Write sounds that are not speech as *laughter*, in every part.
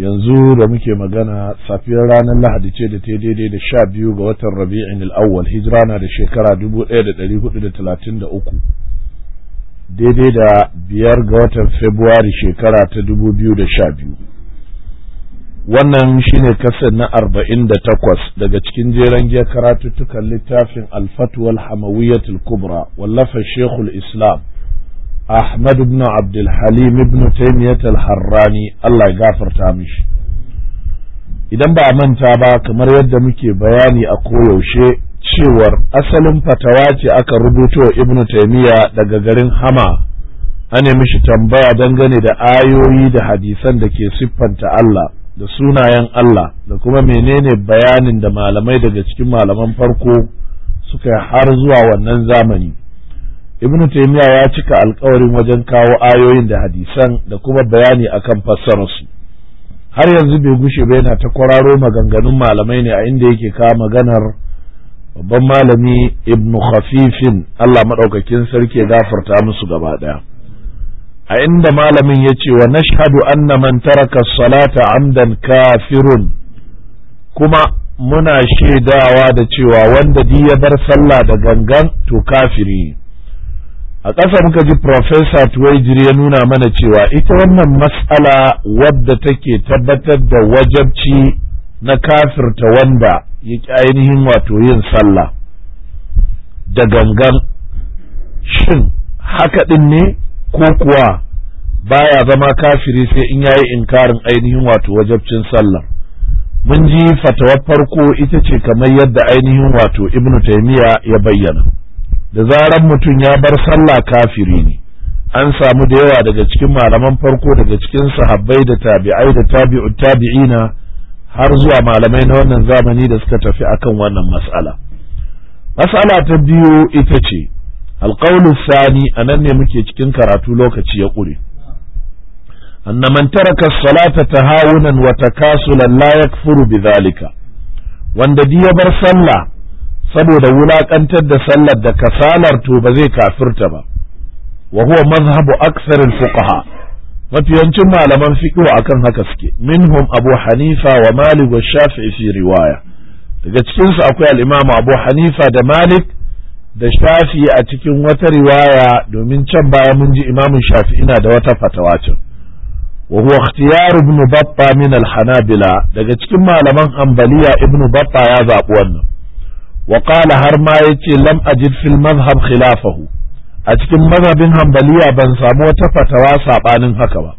yanzu da muke magana safiyar ranar lahadi ce da ta daidai da sha biyu ga watan rabi'in al'awwal hijira na da shekara dubu ɗaya da ɗari hudu da talatin da uku daidai da biyar ga watan februari shekara ta dubu biyu da sha biyu wannan shine kasar na arba'in da takwas daga cikin jeren giya karatuttukan littafin alfatuwal hamawiyatul kubra wallafa shekul islam Ahmad ibn Abdul Halim ibn Taymiyyah al-Harrani Allah ya gafarta mishi idan ba manta ba kamar yadda muke bayani a koyaushe cewar asalin fatawa ce aka rubuto ibn Taymiyyah daga garin Hama an mishi tambaya dangane da ayoyi da hadisan da ke siffanta Allah da sunayen Allah da kuma menene bayanin da malamai daga cikin malaman farko suka har zuwa wannan zamani ibnu taymiya ya cika alkawarin wajen kawo ayoyin da hadisan da kuma bayani akan fassararsu har yanzu bai gushe ba yana ta kwararo maganganun malamai ne a inda yake kawo maganar babban malami ibnu khafifin Allah madaukakin sarki ya gafarta musu gaba daya a inda malamin ya ce wa nashhadu anna man taraka salata amdan kafirun kuma muna shaidawa da cewa wanda duk bar sallah da gangan to kafiri a ƙasa muka ji Profesa Tuwaijiri ya nuna mana cewa ita wannan matsala wadda take tabbatar da wajabci na kafirta wanda ya ainihin wato yin sallah da gangan shin haka ɗin ne ko kuwa baya zama kafiri sai in yayi inkarin ainihin wato wajabcin sallah mun ji fatawar farko ita ce kamar yadda ainihin wato ibnu taymiya ya bayyana da zaran mutum ya bar sallah kafiri ne an samu da yawa daga cikin malaman farko daga cikin sahabbai da tabi'ai da tabi'u tabi'ina har zuwa malamai na wannan zamani da suka tafi akan wannan mas'ala mas'ala ta biyu ita ce alƙaunin sani a nan ne muke cikin karatu lokaci ya ƙure anna man taraka salata tahawunan wa takasulan la yakfuru bidhalika wanda di ya bar sallah saboda wulaƙantar da sallar da kasalar to ba zai kafirta ba wa huwa mazhabu aksaril fuqaha mafiyancin malaman fiqhu akan haka suke minhum abu hanifa wa malik wa shafi'i fi riwaya daga cikin su akwai al-imam abu hanifa da malik da shafi a cikin wata riwaya domin can baya mun ji imam shafi'i na da wata fatawa can wa huwa ikhtiyar ibn min al-hanabila daga cikin malaman hanbaliya ibn batta ya zabi wannan wa har ma ce lam ajid fil madhhab khilafahu a cikin mazhabin hambaliya ban samu wata fatawa sabanin haka ba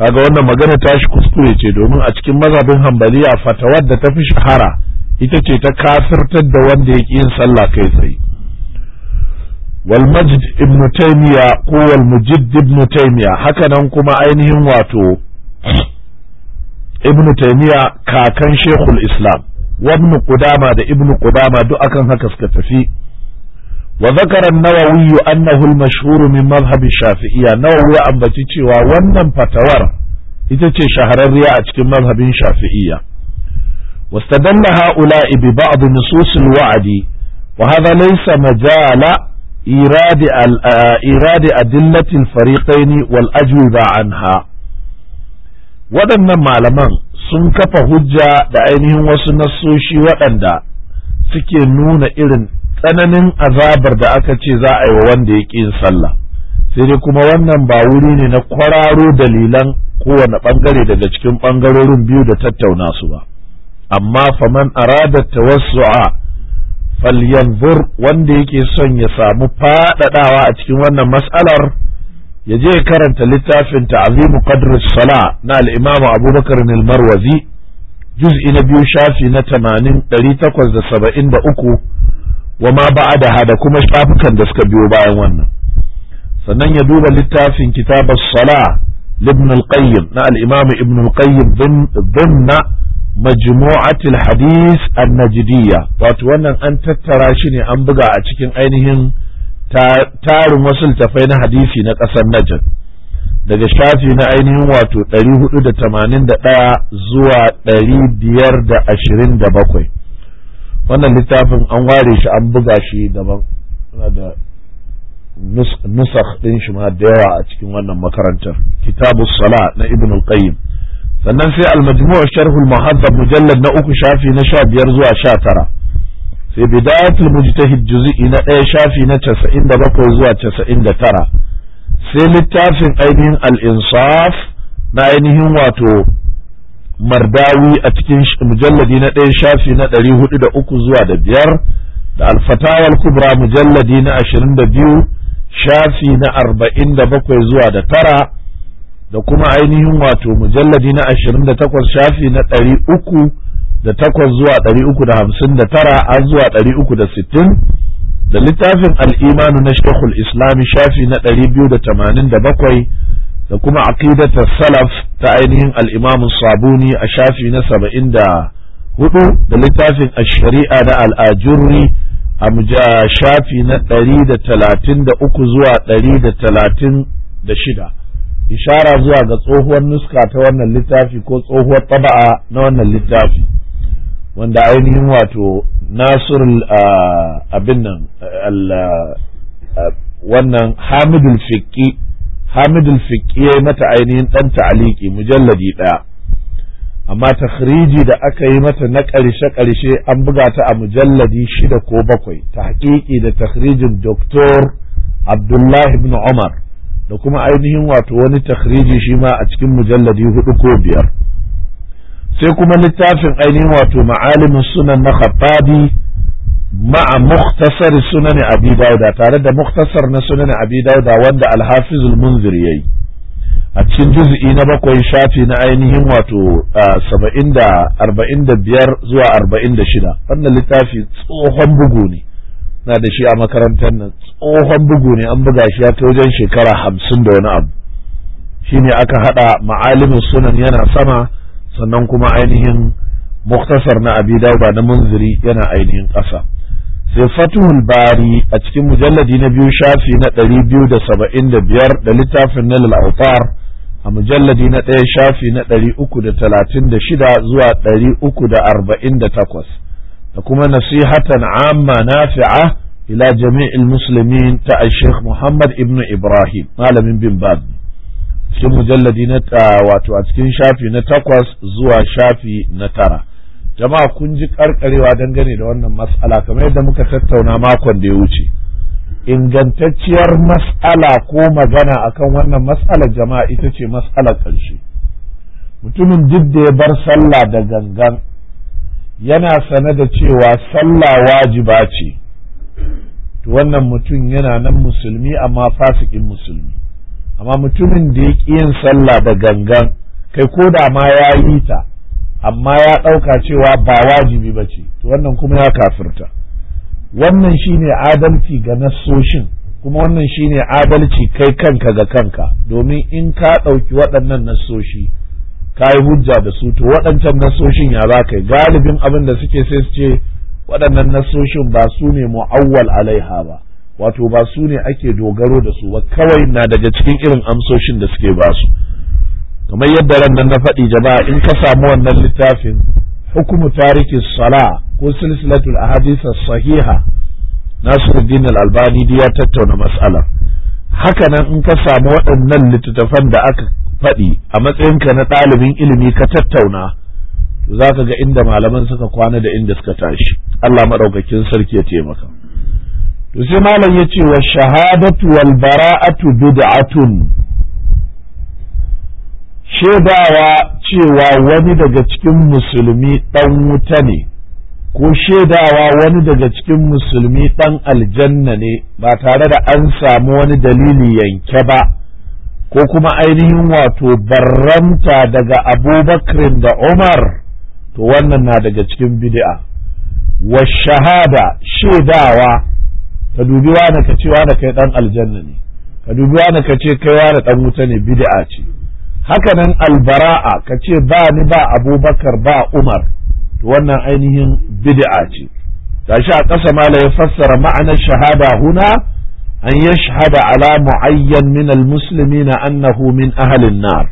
kaga wannan magana tashi kuskure ce domin a cikin mazhabin hambaliya fatawar da ta fi shahara ita ce ta kafirtar da wanda ya yin sallah kai tsaye wal majid ibn taymiya ko wal mujidd ibn taymiya haka nan kuma ainihin wato ibn taymiya kakan shekul islam wa Ƙudama da Ibnu Ƙudama duk akan haka suka tafi wa nawa an-nawawi annahu al-mashhur min madhhab shafi'iyya nawawi ya ambaci cewa wannan fatawar ita ce shahararriya a cikin mazhabin shafi'iyya واستدل هؤلاء ببعض نصوص الوعد وهذا ليس مجال إيراد, إيراد أدلة الفريقين والأجوبة anha. waɗannan malaman sun kafa hujja da ainihin wasu nasoshi waɗanda suke nuna irin tsananin azabar da aka ce za a yi wa wanda ya ƙi yin sallah sai dai kuma wannan ba wuri ne na kwararo dalilan kowane ɓangare daga cikin ɓangarorin biyu da tattauna su ba amma faman arada tawassu'a falyanzur wanda yake son ya samu faɗaɗawa a cikin wannan mas'alar ya je karanta littafin ta'zimu qadr sala na al-imam abubakar al-marwazi juz'i na biyu shafi na 80 wa ma ba'adaha da kuma shafukan da suka biyo bayan wannan sannan ya duba littafin kitabar as-sala ibn al-qayyim na al-imam ibn al-qayyim dhanna majmu'at al-hadith an-najdiyya wato wannan an tattara shi ne an buga a cikin ainihin tarin wasu littafai na hadisi na ƙasar Najd daga shafi na ainihin wato 481 zuwa 527 wannan littafin an ware shi an buga shi daban da nusakh ɗin shi ma da yawa a cikin wannan makarantar kitabu sala na ibn al-qayyim sannan sai al-majmu' sharh al-muhaddab mujallad na uku shafi na 15 zuwa 19 sai bidayatul mujtahid juz'i na ɗaya shafi na casa'in da bakwai zuwa casa'in da tara. sai littafin ainihin al-insaf na ainihin wato mardawi a cikin mujalladi na ɗaya shafi na ɗari hudu da uku zuwa da biyar da alfatawar kubra mujalladi na ashirin da biyu shafi na arba'in da bakwai zuwa da tara da kuma ainihin wato mujalladi na ashirin da takwas shafi na ɗari uku. da takwas zuwa ɗari uku da hamsin da tara har zuwa ɗari uku da sittin da littafin al'imanu na shekul islami shafi na ɗari biyu da tamanin da bakwai da kuma akidata salaf ta ainihin al'imamun sabuni a shafi na saba'in da hudu da littafin shari'a na al'ajurri a shafi na ɗari da talatin da uku zuwa ɗari da talatin da shida ishara zuwa ga tsohuwar nuska ta wannan littafi ko tsohuwar taba'a na wannan littafi wanda ainihin wato nasir abin nan wannan hamidul hamidul ya mata ainihin dan ta'aliki mujalladi ɗaya amma takhriji da aka yi mata na ƙarshe ƙarshe an buga ta a mujalladi shida ko bakwai ta haƙiƙi da takhrijin doktor abdullahi ibn umar da kuma ainihin wato wani takhriji shi ma a cikin mujalladi hudu ko biyar sai kuma littafin ainihin wato ma'alimin sunan na khattabi ma'a mukhtasar sunan abi dauda tare da mukhtasar na sunan abi dauda wanda alhafizul munzir yayi a cikin juz'i na bakwai shafi na ainihin wato saba'in da arba'in da biyar zuwa arba'in da shida wannan littafi tsohon bugu ne na da shi a makarantar nan tsohon bugu ne an buga shi ya ta wajen shekara hamsin da wani abu Shi ne aka haɗa ma'alimin sunan yana sama sannan kuma ainihin muktasar na abi dauda na munziri yana ainihin ƙasa sai fatuhul bari a cikin mujalladi na biyu shafi na ɗari biyu da saba'in da biyar da littafin na lalautar a mujalladi na ɗaya shafi na ɗari uku da talatin da shida zuwa ɗari uku da arba'in da takwas da kuma nasihatan amma nafi'a ila jami'il muslimin ta al-sheikh muhammad ibnu ibrahim malamin bin baz cikin mujalladi na wato a cikin shafi na takwas zuwa shafi na tara jama'a kun ji karkarewa dangane da wannan mas'ala kamar yadda muka tattauna makon da ya wuce ingantacciyar mas'ala ko magana akan wannan mas'alar jama'a ita ce mas'alar ƙarshe mutumin duk da ya bar sallah da gangan yana sane da cewa sallah wajiba ce to wannan mutum yana nan musulmi amma fasikin musulmi amma mutumin da ya ƙi yin sallah da gangan kai ko da ma ya yi ta amma ya ɗauka cewa ba wajibi ba ce to wannan kuma ya kafirta wannan shine adalci ga nassoshin kuma wannan shine adalci kai kanka ga kanka domin in ka ɗauki waɗannan nasoshi ka yi hujja da su to waɗancan nasoshin ya za ka yi galibin abin da suke sai su ce waɗannan nasoshin ba su ne mu'awwal alaiha ba wato ba su ne ake dogaro da su ba kawai na daga cikin irin amsoshin da suke ba su kamar yadda ran nan na faɗi jama'a in ka samu wannan littafin hukumu tariki sala ko silsilatul ahadisa sahiha Nasiruddin al-Albani ya tattauna matsala haka nan in ka samu waɗannan littattafan da aka faɗi a matsayinka na ɗalibin ilimi ka tattauna to za ka ga inda malaman suka kwana da inda suka tashi Allah maɗaukakin sarki ya taimaka to sai malam ya ce wa shahadatu wal bara'atu bid'atun shaidawa cewa wani daga cikin musulmi dan wuta ne ko shaidawa wani daga cikin musulmi dan aljanna ne ba tare da an samu wani dalili yanke ba ko kuma ainihin wato barranta daga abubakrin da umar to wannan na daga cikin bid'a wa shahada shaidawa ka dubi wani ka ce wani kai dan aljanna ne ka dubi wani ka ce kai wani dan wuta ne bid'a ce haka nan albara'a ka ce ba ni ba abubakar ba umar to wannan ainihin bid'a ce tashi a ƙasa ma ya fassara ma'anar shahada huna an yashhada ala mu'ayyan min almuslimina annahu min ahlin nar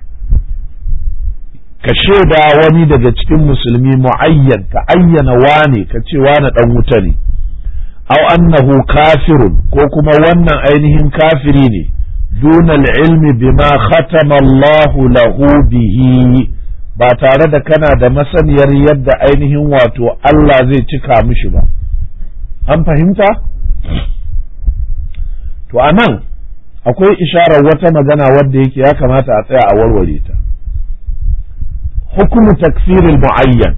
ka shaida wani daga cikin musulmi mu'ayyan ka ayyana wane ka ce wane dan wuta ne aw annahu kafirun ko kuma wannan ainihin kafiri ne dunal ilmi bima khatama Allahu lahu bihi ba tare da kana da masaniyar yadda ainihin wato Allah zai cika mishi ba an fahimta to anan akwai isharar wata magana wadda yake ya kamata a tsaya a warware ta hukumu taksirin muayyan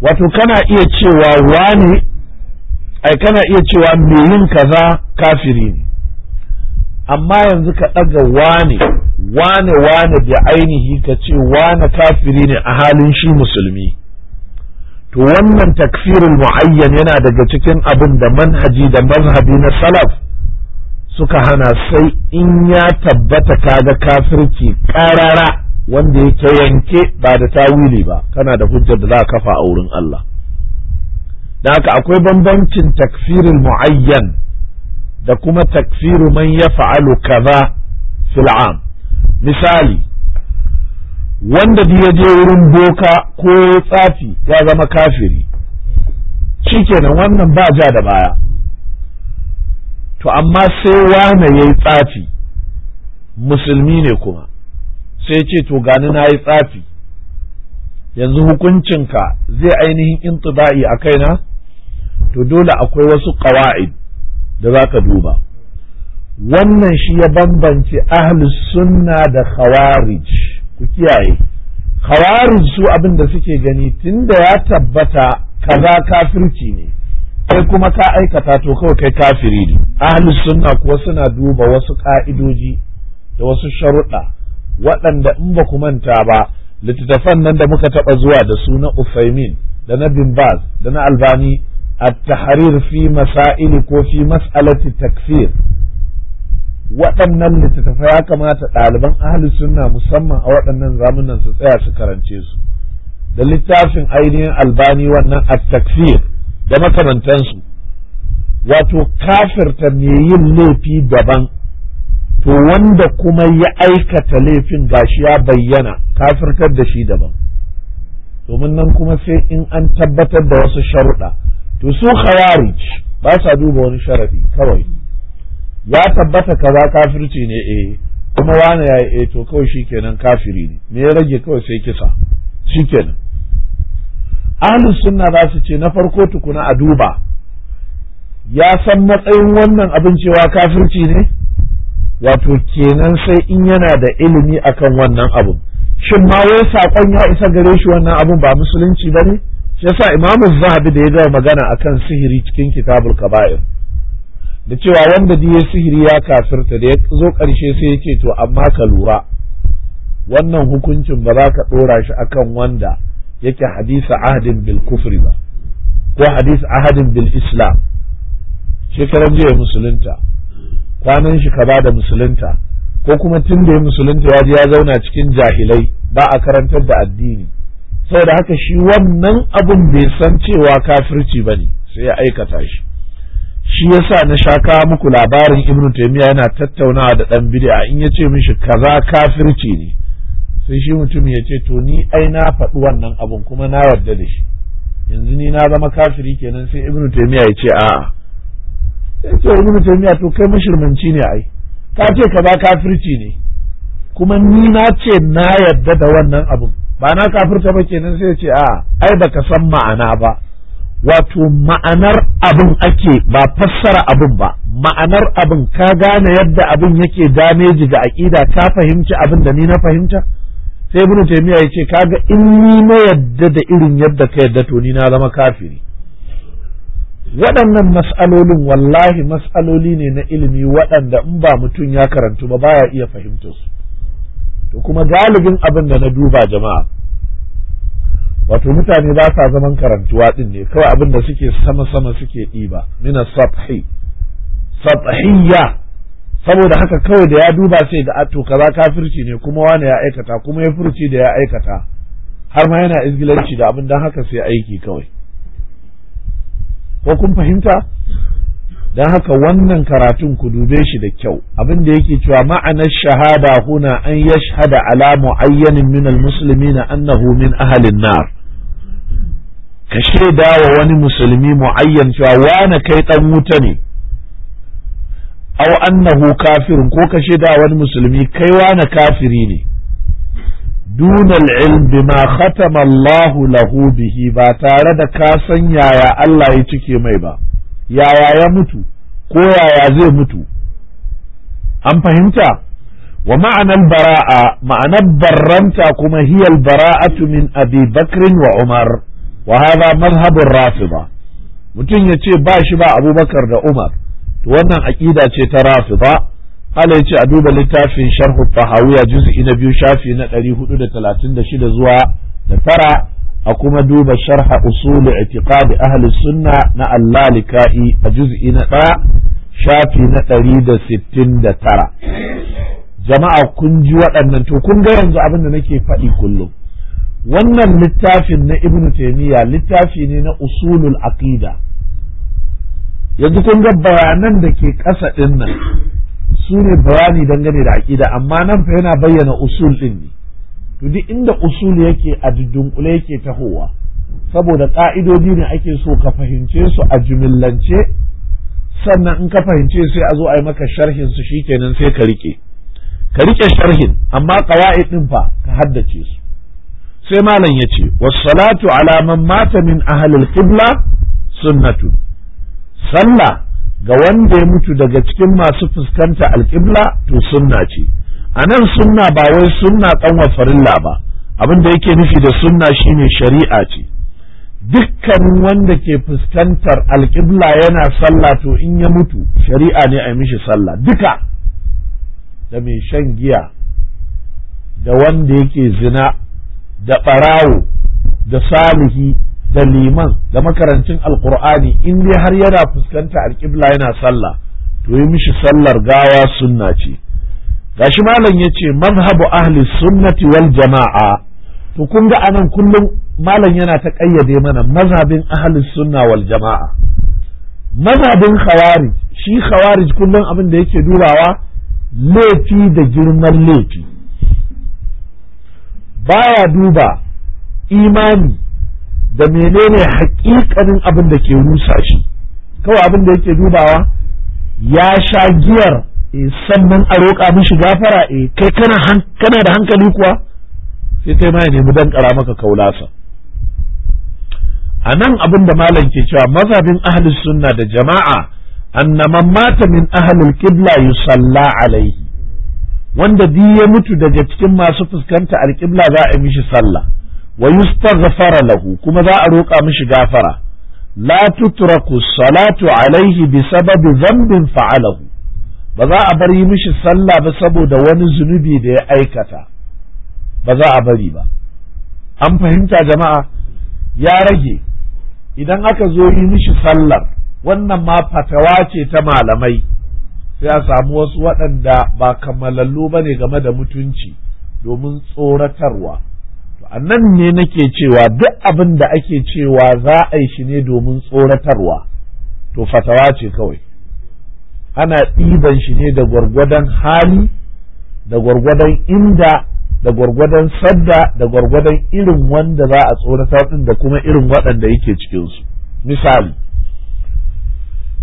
wato kana iya cewa wani ai kana iya cewa me yin kaza kafiri ne amma yanzu ka ɗaga wane wane wane da ainihi ka ce wane kafiri ne a halin shi musulmi to wannan takfirul mu'ayyan yana daga cikin abin da manhaji da mazhabi na salaf suka hana sai in ya tabbata kaga kafirki karara wanda yake yanke ba da tawili ba kana da hujjar da za a kafa a wurin Allah da haka akwai bambancin takfirin mu'ayyan da kuma takfiru man ya fa'alu kaza fil'am misali wanda ya je wurin boka ko tsafi ya zama kafiri shikenan wannan ba ja da baya to amma sai wane ya yi tsafi musulmi ne kuma sai ce to gani na yi tsafi yanzu hukuncinka zai ainihin intiba'i a kaina to dole akwai wasu ƙawa'id da za ka duba wannan shi ya bambance ahlus sunna da khawarij ku kiyaye khawarij su abin da suke gani tunda ya tabbata kaza kafirci ne kai kuma ka aikata to kawai kai kafiri ne ahlus sunna kuwa suna duba wasu ka'idoji da wasu sharuɗa waɗanda in ba ku manta ba littattafan nan da muka taɓa zuwa da su na Ufaimin da na Bin Baz da na Albani at-tahrir fi masail ko fi mas'alati takfir waɗannan littattafai ya kamata ɗaliban ahli sunna musamman a waɗannan zamunan su tsaya su karance su da littafin ainihin albani wannan a takfir da makamantansu wato kafirta me yin laifi daban to wanda kuma ya aikata laifin gashi ya bayyana kafirtar da shi daban domin nan kuma sai in an tabbatar da wasu sharuɗa to su khawarij ba sa duba wani sharadi kawai ya tabbata kaza kafirci ne eh kuma wani yayi eh to kawai shikenan kafiri ne me ya rage kawai sai kisa shikenan ahlus sunna za su ce na farko tukuna a duba ya san matsayin wannan abin cewa kafirci ne wato kenan sai in yana da ilimi akan wannan abu shin ma wai sakon ya isa gare shi wannan abun ba musulunci ba ne shi yasa imamu zahabi da ya gama magana akan sihiri cikin kitabul kaba'ir da cewa wanda diya sihiri ya kafirta da ya zo ƙarshe sai ya ce to amma ka lura wannan hukuncin ba za ka ɗora shi akan wanda yake hadisa ahadin bil kufri ba ko hadisa ahadin bil islam shekaran jiya musulunta kwanan shi kaza da musulunta ko kuma tun da ya musulunta ya zauna cikin jahilai ba a karantar da addini saboda haka shi wannan abun bai san cewa kafirci ba ne sai ya aikata shi shi ya sa na sha kawo muku labarin ibn taimiyya yana tattaunawa da dan bid'a in ya yace mishi kaza kafirci ne sai shi mutum ya ce to ni ai na faɗi wannan abun kuma na yarda da shi yanzu ni na zama kafiri kenan sai ibn taimiyya ya ce a'a sai ce ibn taimiyya to kai mashirmanci ne ai ka ce kaza kafirci ne kuma ni na ce na yarda da wannan abun ba na kafirta ba kenan sai ce a ai baka san ma'ana ba wato ma'anar abin ake ba fassara abin ba ma'anar abin ka gane yadda abin yake dameji ga aƙida ka fahimci abin da ni na fahimta sai ibnu taymiya ce kaga in ni na yadda da irin yadda ka yadda to ni na zama kafiri waɗannan mas'alolin wallahi mas'aloli ne na ilimi waɗanda in ba mutum ya karantu ba baya iya fahimtar su to kuma galibin abin da na duba jama'a wato mutane ba sa zaman karantuwa din ne kawai abin da suke sama sama suke ɗiba mina sathi sathiyya saboda haka kawai da ya duba sai da to kaza kafirci ne kuma wani ya aikata kuma ya furci da ya aikata har ma yana izgilanci da abin dan haka sai aiki kawai ko kun fahimta don haka wannan karatun ku dube shi da kyau abin da yake cewa ma'anar shahada huna an yashhada ala mu'ayyanin min na annahu min ahalin nar ka shaida wa wani musulmi mu'ayyan cewa wani kai dan wuta ne aw annahu kafirun ko ka shaida wani musulmi kai wani kafiri ne دون العلم بما ختم الله له به ba tare da ka sanya yaya Allah ya cike mai ba yaya ya mutu ko yaya zai mutu an fahimta wa ma'anar bara'a ma'anar barranta kuma hiyal bara'atu min abi bakrin wa umar wa hadha mazhabur rafida mutum ya ce ba shi ba abubakar da umar to wannan aƙida ce ta rafida ala ya ce a duba littafin sharhu fahawiya juz'i na biyu shafi na 436 zuwa da tara a kuma duba sharha usul i'tiqad ahli sunna na allah lalikai a juz'i na ɗaya shafi na ɗari da sittin da tara jama'a kun ji waɗannan to kun ga yanzu abin da nake faɗi kullum wannan littafin na ibnu taymiya littafi ne na usulul aqida yanzu kun ga bayanan da ke ƙasa ɗin nan su ne bayani dangane da aƙida amma nan fa yana bayyana usul ɗin ne to duk inda usul yake a dunkule yake tahowa saboda ƙa'idodi ne ake so ka fahimce su a jumillance sannan in ka fahimce sai a zo a yi maka sharhin su shikenan sai ka rike ka rike sharhin amma qawaid din fa ka haddace su sai malam yace was-salatu ala man mata min ahli al-qibla sunnatu sallah ga wanda ya mutu daga cikin masu fuskanta al-qibla to sunna ce a nan sunna ba wai sunna kanwa farilla ba abin da yake nufi da sunna shine shari'a ce dukkan wanda ke fuskantar alƙibla yana sallah to in ya mutu shari'a ne a yi mishi sallah duka da mai shan giya da wanda yake zina da ɓarawo da salihi da liman da makarancin alƙur'ani in dai har yana fuskanta alƙibla yana sallah to yi mishi sallar gawa sunna ce Ga shi malam ya ce mazhabu ahli sunnati wal jama'a to kun ga anan kullum malam yana ta kayyade mana mazhabin ahli sunna wal jama'a mazhabin khawarij shi khawarij kullum abin da yake dubawa laifi da girman laifi baya duba imani da menene hakikanin abin da ke rusa shi kawai abin da yake dubawa ya sha giyar Eh, sannan a roƙa mishi gafara eh kai kana kana da hankali kuwa sai kai ma ya nemi dan kara maka kaulasa a nan abin da malam ke cewa mazhabin ahlus sunna da jama'a annaman mata min ahlul qibla yusalla alaihi wanda di ya mutu daga cikin masu fuskanta alqibla za a mishi sallah wa yustaghfara lahu kuma za a roƙa mishi gafara la tutraku salatu alaihi bi dhanbin fa'alahu ba za a bar mishi sallah ba saboda wani zunubi da ya aikata ba za a bari ba an fahimta jama'a ya rage idan aka zo yi mishi sallar wannan ma fatawa ce ta malamai sai a samu wasu waɗanda ba kammalallu ba ne game da mutunci domin tsoratarwa a nan ne nake cewa duk abin da ake cewa za a yi shi ne domin tsoratarwa to fatawa ce kawai ana ɗiban shi ne da gwargwadon hali da gwargwadon inda da gwargwadon sadda da gwargwadon irin wanda za a tsorata ɗin da kuma irin waɗanda yake cikinsu misali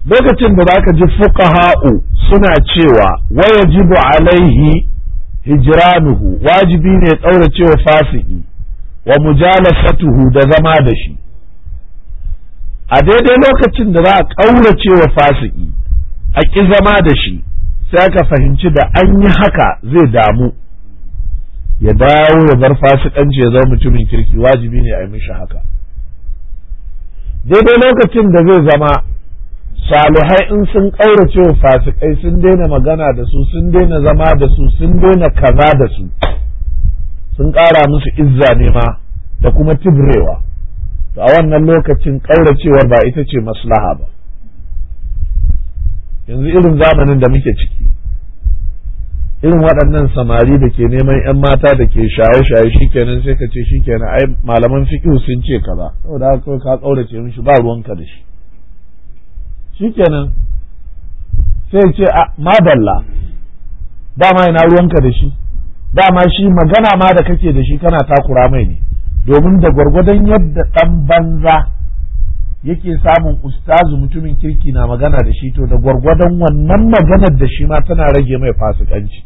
lokacin da za ka ji fuqaha'u suna cewa wayajibu alaihi hijranuhu wajibi ne cewa fasiki wa mujalasatuhu da zama da shi a daidai lokacin da za a ƙauracewa cewa fasiki a ƙi zama da shi sai aka fahimci da an yi haka zai damu ya dawo ya bar fasikanci ya zama mutumin kirki wajibi ne a yi mishi haka daidai lokacin da zai zama salihai in sun ƙaurace wa fasikai sun daina magana da su sun daina zama da su sun daina kaza da su sun ƙara musu izza nema da kuma tibrewa to a wannan lokacin ƙauracewar ba ita ce maslaha ba yanzu irin zamanin da muke ciki irin waɗannan samari da ke neman 'yan mata da ke shaye-shaye shikenan sai ka ce shikenan ai malaman fiƙihu sun ce kaza saboda haka kawai ka ƙaurace mishi ba ruwanka da shi shikenan sai ce a madalla dama ina ruwanka da shi dama shi magana ma da kake da shi kana takura mai ne domin da gwargwadon yadda ɗan banza yake samun ustazu mutumin kirki na magana da shi to da gwargwadon wannan maganar da shi ma tana rage mai fasikanci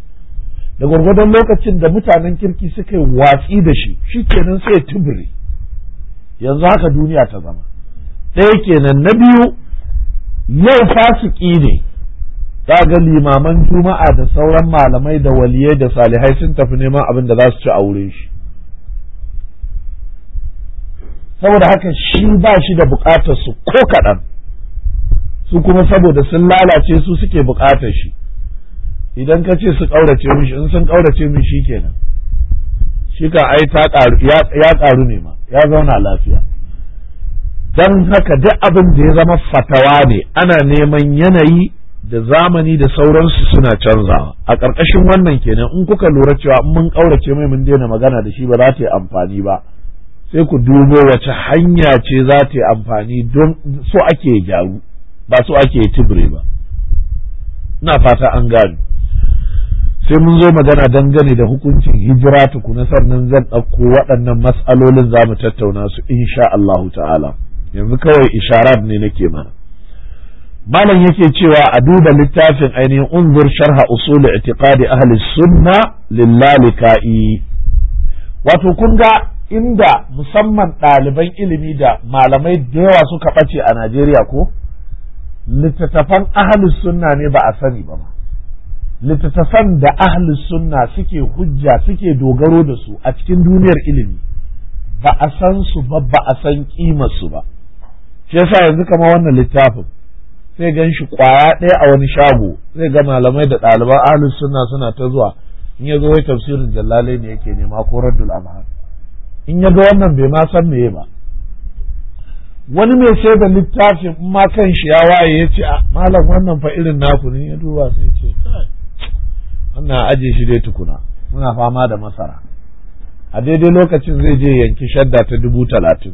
da gwargwadon lokacin da mutanen kirki suka yi watsi da shi shi kenan sai tubiri yanzu haka duniya ta zama ɗaya kenan na biyu yau fasiki ne ga limaman juma'a da sauran malamai da waliyai da salihai sun tafi neman abin da za su ci a wurin shi saboda haka shi ba shi da bukatar su ko kaɗan su kuma saboda sun lalace su suke bukatar shi idan ka ce su ƙaurace mishi in sun ƙaurace mishi kenan shi ka ai ta ya ƙaru ne ma ya zauna lafiya don haka duk abin da ya zama fatawa ne ana neman yanayi da zamani da sauransu suna canzawa a ƙarƙashin wannan kenan in kuka lura cewa in mun ƙaurace mai mun daina magana da shi ba za ta yi amfani ba sai ku dubo wace hanya ce za ta yi amfani don so ake gyaru ba so ake tibire ba na fata an gani sai mun zo magana dangane da hukuncin hijira tukuna sannan zan ɗauko waɗannan matsalolin za mu tattauna su insha Allahu ta'ala yanzu kawai isharar ne nake mana malam yake cewa a duba littafin ainihin unzur sharha usul i'tiqadi ahli sunna lillalikai wato kun ga inda musamman ɗaliban ilimi da malamai da yawa suka ɓace a Najeriya ko littattafan ahlus sunna ne ba a sani ba littattafan da ahlus sunna suke hujja suke dogaro da su a cikin duniyar ilimi ba a san su ba ba a san kimar su ba shi yasa yanzu kama wannan littafin sai gan shi kwaya ɗaya a wani shago zai ga malamai da ɗaliban ahlus sunna suna ta zuwa in ya zo wai tafsirin jallalai ne yake nema ko raddul azhar in ya ga wannan bai ma san meye ba wani mai sai da littafin ma kan shi ya waye ya ce malam wannan fa irin naku ne ya duba sai ce wannan aje shi dai tukuna muna fama da masara a daidai lokacin zai je yanki shadda ta dubu talatin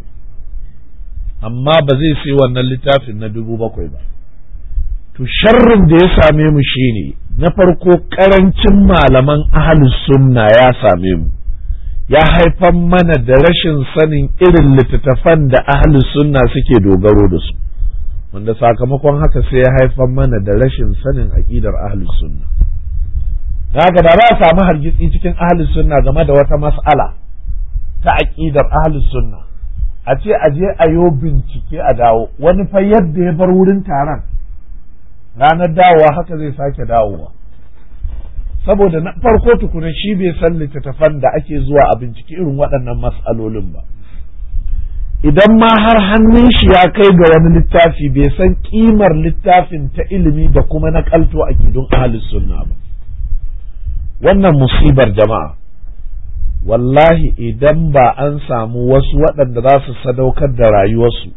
amma ba zai sai wannan littafin na dubu bakwai ba to sharrin da ya same mu shine na farko karancin malaman ahalus sunna ya same mu ya haifar mana da rashin sanin irin littattafan da ahli sunna suke dogaro da su wanda sakamakon haka sai ya haifar mana da rashin sanin aƙidar ahli sunna haka da ba a samu hargitsi cikin ahli sunna game da wata mas'ala ta aƙidar ahli sunna a ce a je a yo bincike a dawo wani fa yadda ya bar wurin taron ranar dawowa haka zai sake dawowa saboda na farko tukuna shi bai san littattafan da ake zuwa a binciki irin waɗannan matsalolin ba idan ma har hannun shi ya kai ga wani littafi bai san kimar littafin ta ilimi da kuma na kalto a gidon ahalin sunna ba wannan musibar jama'a wallahi idan ba an samu wasu waɗanda za su sadaukar da rayuwarsu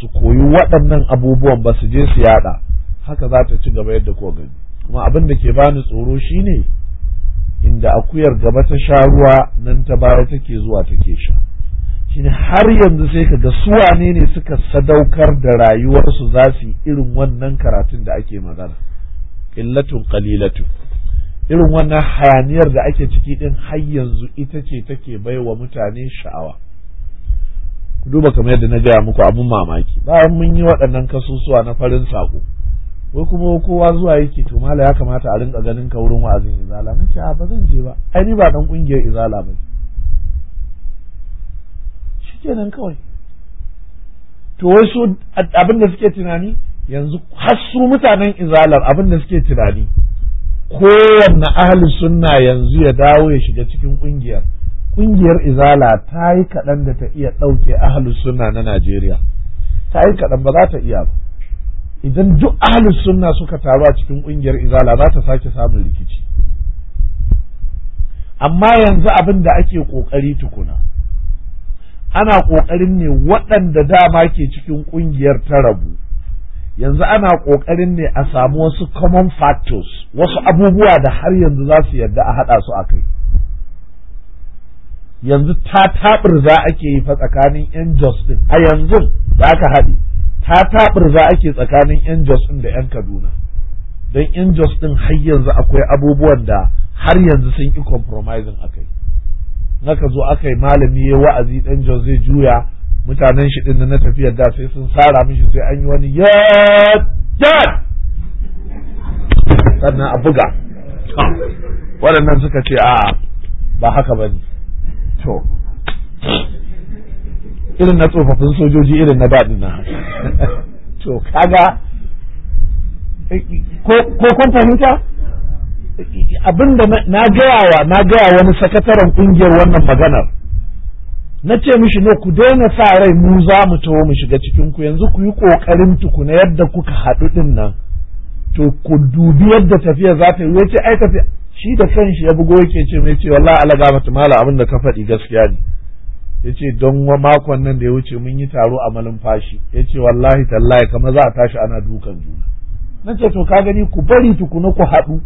su koyi waɗannan abubuwan ba su je su yada haka za ta ci gaba yadda ko gani kuma abin da ke bani tsoro shine inda akuyar gaba ta sha ruwa nan ta baya take zuwa take sha shine har yanzu sai ka ga suwane ne suka sadaukar da rayuwarsu za su yi irin wannan karatun da ake magana illatun qalilatu irin wannan hayaniyar da ake ciki din har yanzu ita ce take bai wa mutane sha'awa ku duba kamar yadda na gaya muku abin mamaki bayan mun yi waɗannan kasusuwa na farin sako. wai kuma kowa zuwa yake to mala ya kamata a rinka ganin ka wurin wa'azin izala ce a ba zan je ba ai ni ba dan kungiyar izala ba shikenan kawai to wai su abin da suke tunani yanzu har su mutanen izalar abin da suke tunani kowanne ahli sunna yanzu ya dawo ya shiga cikin kungiyar kungiyar izala ta yi kaɗan da ta iya ɗauke ahli sunna na najeriya ta yi kaɗan ba za ta iya ba idan duk ahlus sunna suka taru a cikin kungiyar izala za ta sake samun rikici amma yanzu abin da ake kokari tukuna ana kokarin ne waɗanda dama ke cikin kungiyar ta rabu yanzu ana kokarin ne a samu wasu common factors wasu abubuwa da har yanzu za su yarda a haɗa su a kai yanzu ta za ake yi fa tsakanin yan jos a yanzu za ka haɗe ta za ake tsakanin yan jos ɗin da yan kaduna don yan jos ɗin har yanzu akwai abubuwan da har yanzu sun yi compromising akai naka zo aka yi malami ya wa'azi ɗan jos zai juya mutanen shi ɗin na tafiyar da sai sun sara mishi sai an yi wani yadda sannan a buga waɗannan suka ce a ba haka ba ne to irin na tsofaffin sojoji irin na daɗin na to kaga ko kun fahimta abinda na gaya wa na gaya wani sakataren ƙungiyar wannan maganar na ce mishi ne ku daina sa rai mu za mu taho mu shiga cikin ku yanzu ku yi tuku tukuna yadda kuka haɗu ɗin nan to ku dubi yadda tafiya za ta yi ya ai tafiya shi da kanshi ya bugo yake ce mai ce wallahi alaga mata mala abin da ka faɗi gaskiya ne Ya ce don wa makon nan da ya wuce mun yi taro a malin fashi ce wallahi tallahi kamar za a tashi ana dukan juna Na ce to ka gani ku bari tukuna ku haɗu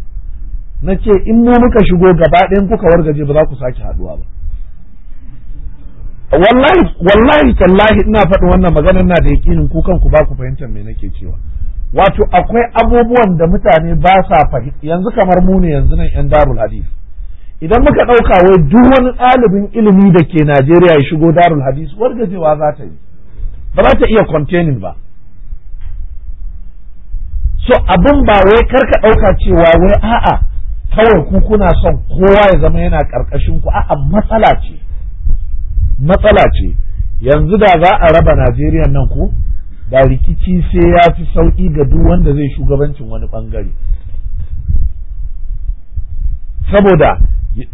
Na ce in mu muka shigo gaba ɗayan kuka wargaje ba za ku sake haɗuwa ba wallahi wallahi tallahi ina faɗin wannan maganar na da yakinin ku kanku ba ku fahimtar me nake cewa wato akwai abubuwan da mutane ba sa fahimta yanzu kamar mu ne yanzu nan yan darul hadith idan muka ɗauka wai duk wani ɗalibin ilimi da ke Najeriya ya shigo darul hadis gajewa za ta yi ba za ta iya containing ba so abin ba wai kar ka ɗauka cewa wai a'a kawai ku kuna son kowa ya zama yana ƙarƙashin ku a'a matsala ce matsala ce yanzu da za a raba Najeriya nan ku da rikici sai ya fi sauƙi ga duk wanda zai shugabancin wani ɓangare saboda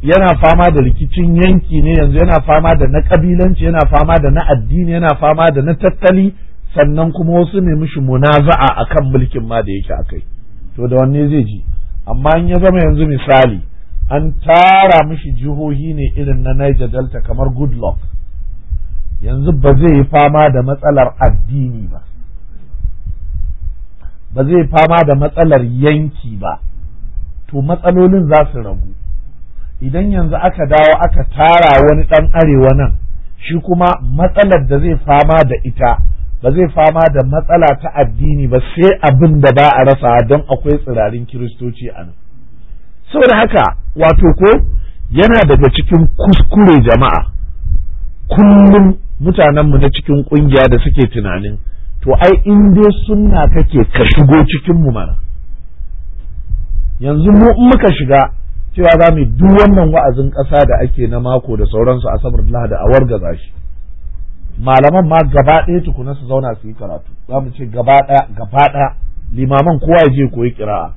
yana fama da rikicin yanki ne yanzu yana fama da na kabilanci yana fama da na addini yana fama da na tattali sannan kuma wasu ne mishi munaza'a akan mulkin ma da yake akai to da wanne zai ji amma in ya zama yanzu misali an tara mishi jihohi ne irin na Niger Delta kamar Goodluck yanzu ba zai yi fama da matsalar addini ba ba zai fama da matsalar yanki ba to matsalolin za su ragu idan yanzu aka dawo aka tara wani ɗan arewa nan shi kuma matsalar da zai fama da ita ba zai fama da matsala ta addini ba sai abin da ba a rasa don akwai tsirarin kiristoci a nan saboda haka wato ko yana daga cikin kuskure jama'a kullum mutanenmu na cikin ƙungiya da suke tunanin to ai in dai sunna kake ka shigo cikinmu mana yanzu mu in muka shiga cewa za mu duk wannan wa'azin ƙasa da ake na mako da sauransu a sabar lahadi a wargaza shi malaman ma gaba ɗaya tukuna su zauna su yi karatu za mu ce gaba ɗaya gaba ɗaya limaman kowa ya je koyi kira'a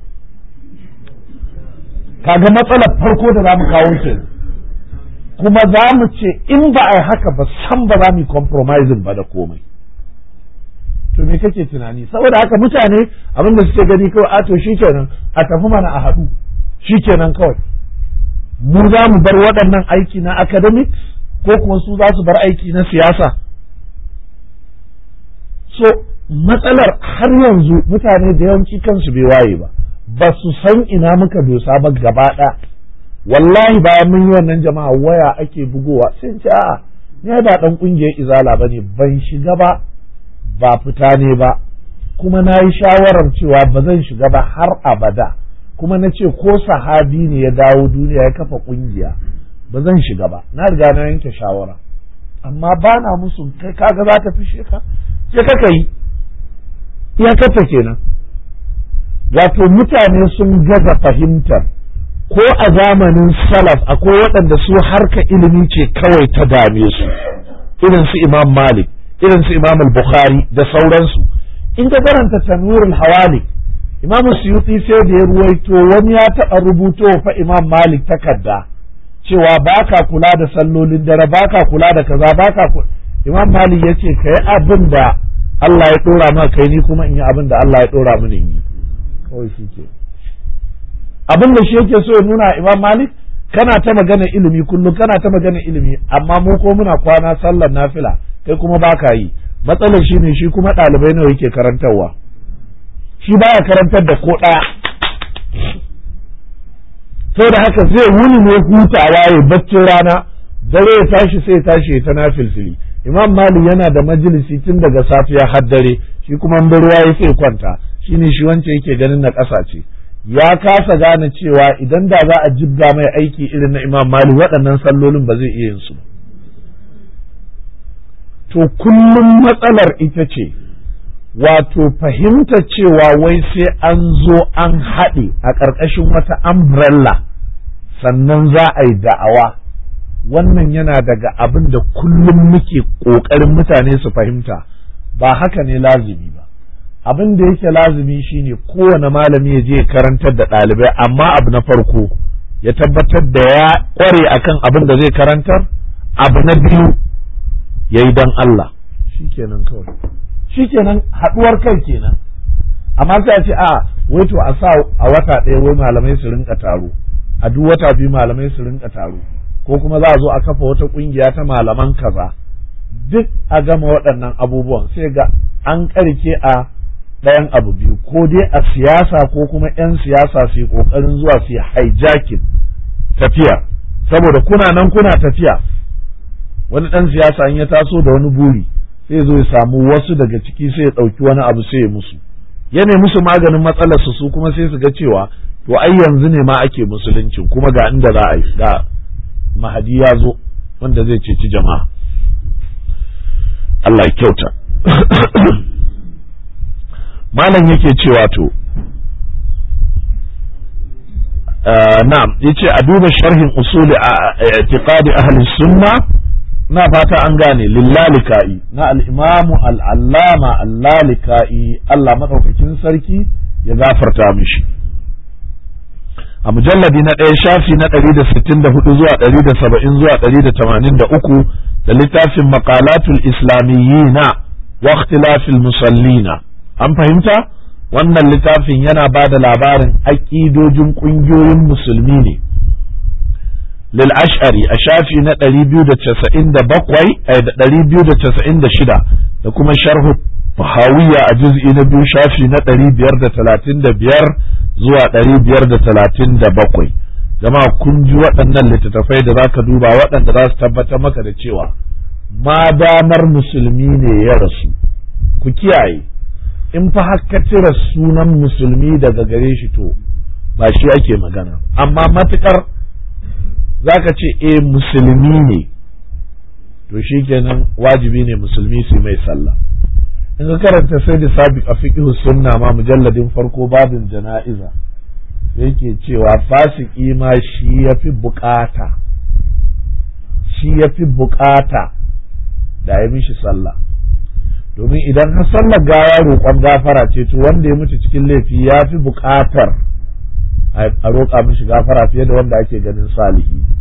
kaga matsalar farko da za mu kawo ke kuma za mu ce in ba a yi haka ba san ba za mu yi compromising ba da komai to me kake tunani saboda haka mutane abin da suke gani kawai a to shi kenan a tafi mana a haɗu shikenan kawai mu za mu bar waɗannan aiki na academic ko kuma su za su bar aiki na siyasa so matsalar har yanzu mutane da yawanci kansu bai waye ba ba su san ina muka dosa ba gaba ɗaya wallahi bayan mun yi wannan jama'a waya ake bugowa sai ce a'a ni ba dan kungiyar izala ba ne ban shiga ba ba fita ne ba kuma na yi shawarar cewa ba zan shiga ba har abada kuma na ce ko sahabi ne ya dawo duniya ya kafa ƙungiya ba zan shiga ba na riga na yanke shawara amma ba na musu kai kaga za ta fishe ka ka yi ya kafa kenan wato mutane sun gaza fahimtar ko a zamanin salaf akwai waɗanda su harka ilimi ce kawai ta dame su irin su imam malik irin su imam al-bukhari da sauransu in ka karanta tanwirul hawalik imamu suyuti sai da ya ruwaito wani ya taɓa rubuto fa imam malik takarda cewa baka kula da sallolin dare baka kula da kaza baka kula imam malik ya ce ka Allah ya ɗora ma kai ni kuma in yi abin Allah ya ɗora ne yi kawai shi ke abin da shi yake so ya nuna imam malik kana ta magana ilimi kullum kana ta magana ilimi amma mu ko muna kwana sallar nafila kai kuma baka yi matsalar shi ne shi kuma ɗalibai nawa yake karantarwa shi ba ya karantar da ko ɗaya da haka zai wuni ne hutawa ya baccin rana dare ya tashi sai tashi ya ta nafilfili imam malik yana da majalisi tun daga safiya har dare shi kuma ruwa ya sai kwanta shi ne shi wance yake ganin na ƙasa ce ya kasa gane cewa idan da za a jibga mai aiki irin na imam malik waɗannan sallolin ba zai iya yin su to kullum matsalar ita ce wato fahimta cewa wai sai an zo an haɗe a ƙarƙashin wata umbrella sannan za a yi da'awa wannan yana daga abin da kullum muke ƙoƙarin mutane su fahimta ba haka ne lazumi ba abin da yake lazumi shine kowane malami ya je karantar da ɗalibai amma abu na farko ya tabbatar da ya ƙware akan abin da zai karantar abu na biyu ya yi don Allah Shi shikenan kawai kenan haduwar kai kenan amma sai a ce a ah, wai to a sa a wata ɗaya wai malamai su rinka taro a duk wata biyu malamai su rinka taro ko kuma za a zo a kafa wata kungiya ta malaman kaza duk a gama waɗannan abubuwan sai ga an karke a ɗayan abu biyu ko dai a siyasa ko kuma 'yan siyasa su yi ƙoƙarin zuwa su yi hijacking tafiya saboda kuna nan kuna tafiya wani ɗan siyasa in ya taso da wani buri sai zo ya samu wasu daga ciki sai ya ɗauki wani abu sai ya musu ya ne musu maganin matsalar su su kuma sai su ga cewa to ai yanzu ne ma ake musulunci kuma ga inda za a yi da mahadi ya zo wanda zai ceci jama'a Allah kyauta *coughs* malam yake cewa to eh, na'am yace a duba sharhin usuli a i'tiqadi ahli sunna na fata an gane lillalika'i na al'imamu al'allama allalika'i Allah maɗaukakin sarki ya gafarta mishi a mujalladi na ɗaya shafi na ɗari da sittin da hudu zuwa ɗari da saba'in zuwa ɗari da tamanin da uku da littafin makalatul islamiyyina wa ikhtilafil musallina an fahimta wannan littafin yana ba da labarin aƙidojin ƙungiyoyin musulmi ne lil ash'ari a shafi na 297 da kuma sharhu Fahawiya a juz'i na biyu shafi na 535 zuwa 537 jama'a kun ji waɗannan littattafai da za ka duba waɗanda za su tabbatar maka da cewa Madanar musulmi ne ya rasu ku kiyaye in fa haka cire sunan musulmi daga gare shi to ba shi ake magana amma matukar za ka ce e musulmi ne to shi kenan wajibi ne musulmi su mai sallah in ka karanta sai da sabi a fiƙihu sunna ma mujalladin farko babin jana'iza yake cewa fasiki ma shi ya fi bukata shi ya fi bukata da ya mishi sallah domin idan har sallar gawa roƙon gafara ce to wanda ya mutu cikin laifi ya fi buƙatar a roƙa mishi gafara fiye da wanda ake ganin salihi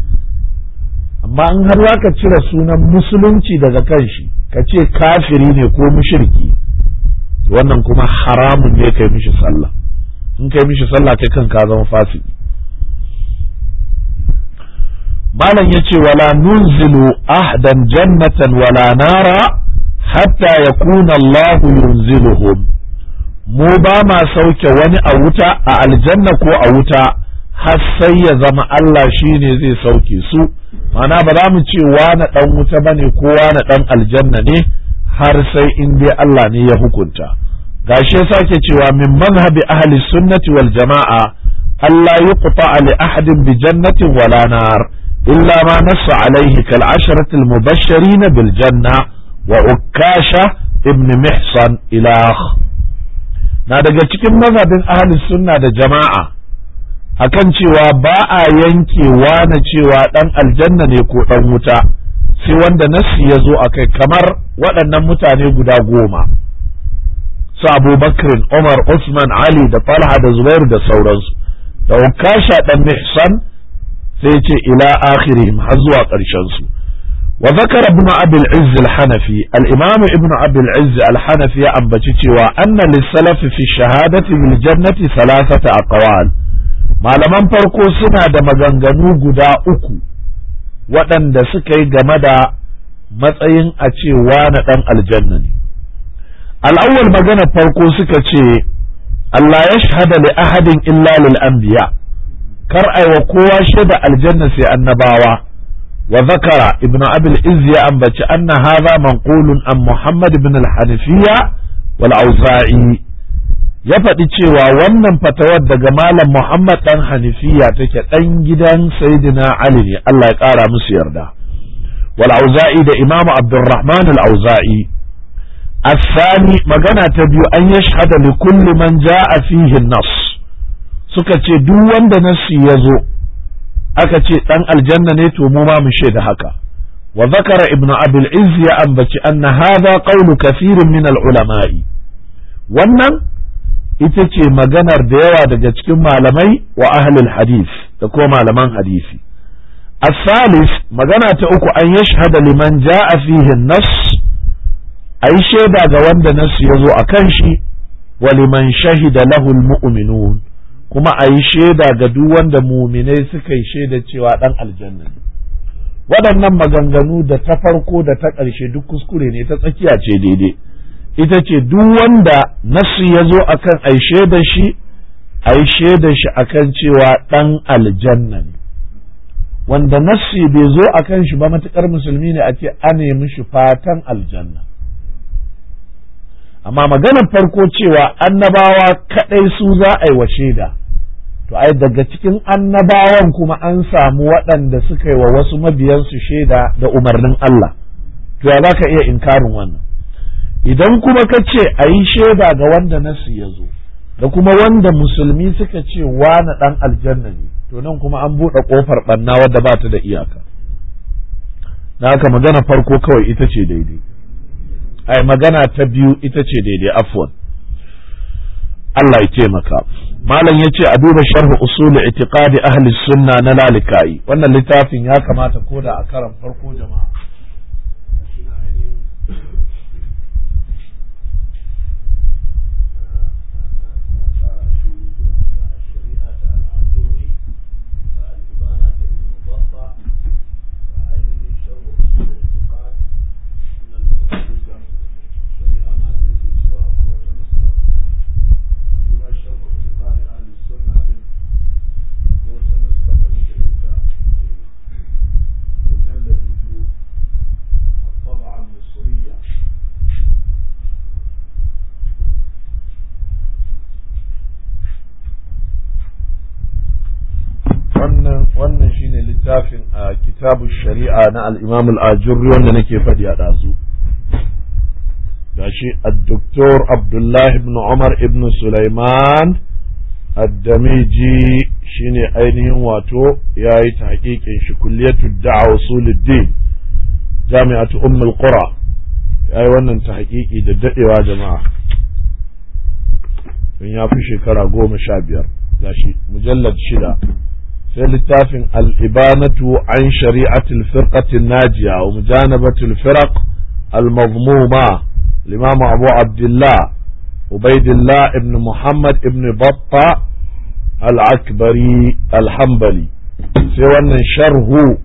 amma in har ka cire sunan musulunci daga kanshi ka ce kafiri ne ko mushriki wannan kuma haramun ne kai mishi sallah in kai mishi sallah kai kan ka zama fasiki malam yace wala nunzilu ahdan jannatan wala nara hatta yakuna Allah yunziluhum mu ba ma sauke wani a wuta a aljanna ko a wuta har sai ya zama Allah shi ne zai sauke su mana ba za mu ce wane ɗan wuta ba ne ko na ɗan aljanna ne har sai in dai Allah ne ya hukunta gashi ya sake cewa min manhabi ahli sunnati wal jama'a Allah yuqta ali ahadin bi jannatin wala nar illa ma nasu alaihi kal asharati al mubashirin bil janna wa ukasha ibn mihsan ilah na daga cikin mazhabin ahli sunna da jama'a akan cewa ba a yankewa na cewa dan aljanna ne ko dan wuta sai wanda nassi ya zo a kai kamar waɗannan mutane guda goma su abubakar umar usman ali da falha da zubair da sauransu da ukasha dan mihsan sai ce ila akhirihim har zuwa ƙarshensu su wa zakara ibn abi al-izz al-hanafi al-imam ibn abi al-izz al-hanafi ya ambaci cewa anna lis fi shahadati bil jannati a aqwal malaman farko suna da maganganu guda uku waɗanda suka yi game da matsayin a ce na ɗan aljanna ne al'awwal magana farko suka ce Allah ya shahada li ahadin illa lil anbiya kar aiwa kowa shaida aljanna sai annabawa wa zakara ibn abil izz ya ambaci anna hadha manqulun an muhammad ibn al hanifiya wal auza'i ya faɗi cewa wannan fatawar daga malam Muhammad ɗan Hanifiya take ɗan gidan Sayyidina Ali ne Allah ya ƙara musu yarda wal auza'i da Imam Abdurrahman al auza'i magana ta biyu an يشهد لكل من جاء فيه nas. suka ce duk wanda nasi ya zo aka ce ɗan aljanna ne to mu ma mu da haka wa zakara ibnu abul izz ya ambaci anna hadha qawlu kathirin min al'ulamai. ulama'i wannan ita ce maganar da yawa daga cikin malamai wa ahlul hadis da kuma malaman hadisi asalis magana ta uku an shahada liman ja'a fihi an a yi shaida ga wanda nasu yazo kan shi wa liman shahida lahu al-mu'minun kuma yi shaida ga duk wanda mu'minai suka yi shaida cewa dan aljanna waɗannan maganganu da ta farko da ta ƙarshe duk kuskure ne ta tsakiya ce daidai ita ce duk wanda nasu ya zo akan ai da shi ai da shi akan cewa ɗan aljanna wanda nasu bai zo akan shi ba matukar musulmi ne a ce a shi fatan aljanna amma maganar farko cewa annabawa kaɗai su za a yi wa shaida to ai daga cikin annabawan kuma an samu waɗanda suka yi wa wasu mabiyansu shaida da umarnin Allah to ya za ka iya inkarin wannan idan kuma ka ce a yi shaida ga wanda nasu ya zo da kuma wanda musulmi suka ce na ɗan aljanna ne to nan kuma an buɗe ƙofar ɓanna wadda ba ta da iyaka na haka magana farko kawai ita ce daidai ai magana ta biyu ita ce daidai afwan Allah ya taimaka malam yace a duba sharh usul i'tiqadi ahli sunna na lalikai wannan littafin ya kamata koda a karan farko jama'a littafin a kitabu shari'a na al'imam al'ajurri wanda nake faɗi a ɗazu gashi الدكتور عبد الله بن عمر بن سليمان الدميجي shine ainihin wato ya yi tahqiqin shi kulliyatu da'wa usuluddin jami'atu ummul qura yayi wannan tahqiqi da dadewa jama'a in ya fi shekara goma sha biyar gashi mujallad shida فلتافن الإبانة عن شريعة الفرقة الناجية ومجانبة الفرق المضمومة الإمام أبو عبد الله عبيد الله بن محمد بن بطة العكبري الحنبلي سوى أن شره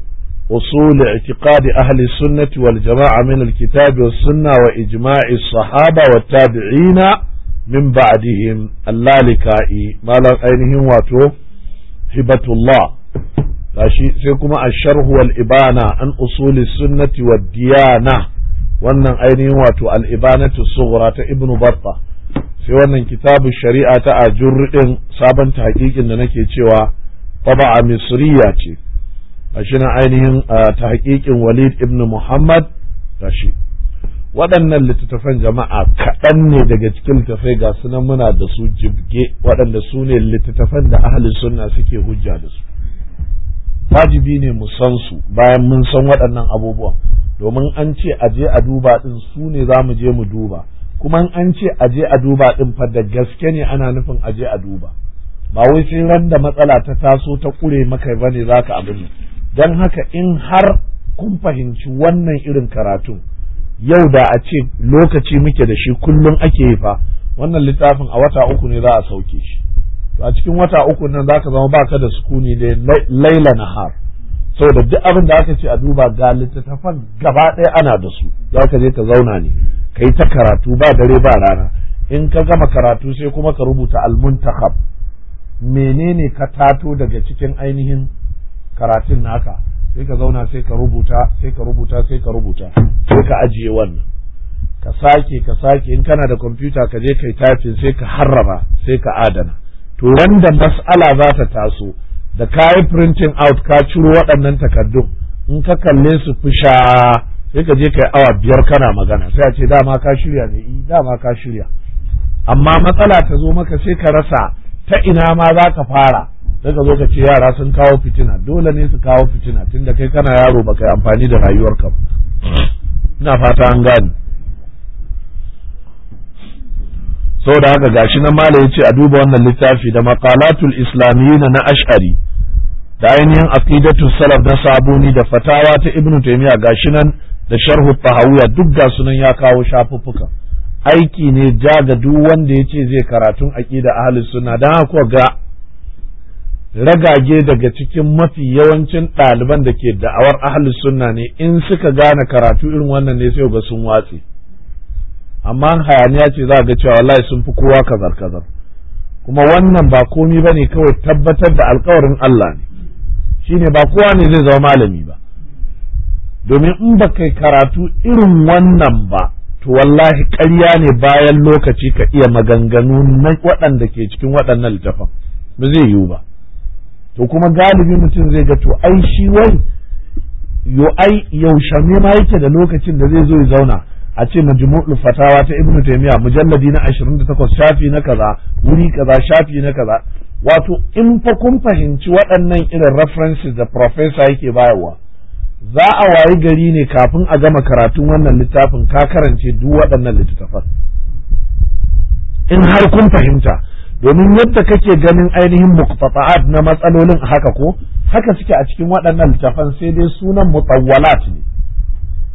أصول اعتقاد أهل السنة والجماعة من الكتاب والسنة وإجماع الصحابة والتابعين من بعدهم اللالكائي ما لغ أينهم واتوه hibatullah gashi sai kuma a sharhu wal ibana an usuli sunnati wa diyana wannan ainihin wato al ibanatu sughra ta ibnu batta sai wannan kitabu shari'a ta ajur din sabon tahqiqin da nake cewa taba'a misriya ce gashi na ainihin ah, tahqiqin walid ibnu muhammad gashi waɗannan littattafan jama'a kaɗan ne daga cikin littattafai ga su nan muna da su jibge waɗanda su ne littattafan da ahalin sunna suke hujja da su wajibi ne mu san su bayan mun san waɗannan abubuwan domin an ce a je a duba ɗin su ne za mu je mu duba kuma an ce a je a duba ɗin fa da gaske ne ana nufin a je a duba ba wai sai ran da matsala ta taso ta ƙure maka ba ne za ka abin don haka in har kun fahimci wannan irin karatun yau da a ce lokaci muke da shi kullum ake yi fa wannan littafin a wata uku ne za a sauke shi to a cikin wata uku nan za ka zama ka da sukuni da laila na har? Sau da duk abin da aka ce a duba ga littattafan gaba ɗaya ana da su za ka je ka zauna ne ka yi ta karatu ba dare ba rana in ka gama karatu sai kuma ka rubuta almuntakab menene ka tato daga cikin ainihin karatun naka sai ka zauna sai ka rubuta sai ka rubuta sai ka rubuta sai ka ajiye wannan ka sake ka sake in kana da kwamfuta ka je kai tafin sai ka harraba sai ka adana to wanda mas'ala za ta taso da ka yi printing out ka ciro waɗannan takardun in ka kalle su fusha sai ka je kai awa biyar kana magana sai a ce dama ka shirya ne eh, dama ka shirya amma matsala ta zo maka sai ka rasa ta ina ma za ka fara sai ka zo ka ce yara sun kawo fitina dole ne su kawo fitina tunda kai kana yaro baka yi amfani da rayuwarka ba ina fata an gane da haka gashi na mala yace a duba wannan littafi da maqalatul islamiyina na ash'ari da ainihin aqidatu salaf na sabuni da fatawa ta ibnu taymiya gashi nan da sharhu duk ga sunan ya kawo shafuffuka aiki ne ja ga duk wanda ce zai karatun aqida ahlus sunna dan haka ga ragage daga cikin mafi yawancin ɗaliban da ke da'awar ahalus sunna ne in suka gane karatu irin wannan ne sai ga sun watse amma hayaniya ce za ga cewa wallahi sun fi kowa kazar kazar kuma wannan ba komi ba ne kawai tabbatar da alkawarin Allah ne shine ba kowa ne zai zama malami ba domin in ba kai karatu irin wannan ba to wallahi ƙarya ne bayan lokaci ka iya maganganu na waɗanda ke cikin waɗannan littafan ba zai yiwu ba to kuma galibi mutum zai ga to ai shi wai yo ai yaushe ne ma yake da lokacin da zai zo ya zauna a ce majmu'ul fatawa ta ibnu taymiya mujalladi na 28 shafi na kaza wuri kaza shafi na kaza wato in fa kun fahimci waɗannan irin references da professor yake bayarwa za a wayi gari ne kafin a gama karatun wannan littafin ka karance duk waɗannan littattafan in har kun fahimta domin yadda kake ganin ainihin mukfafa'at na matsalolin haka ko haka suke a cikin waɗannan littafan sai dai sunan mutawwalat ne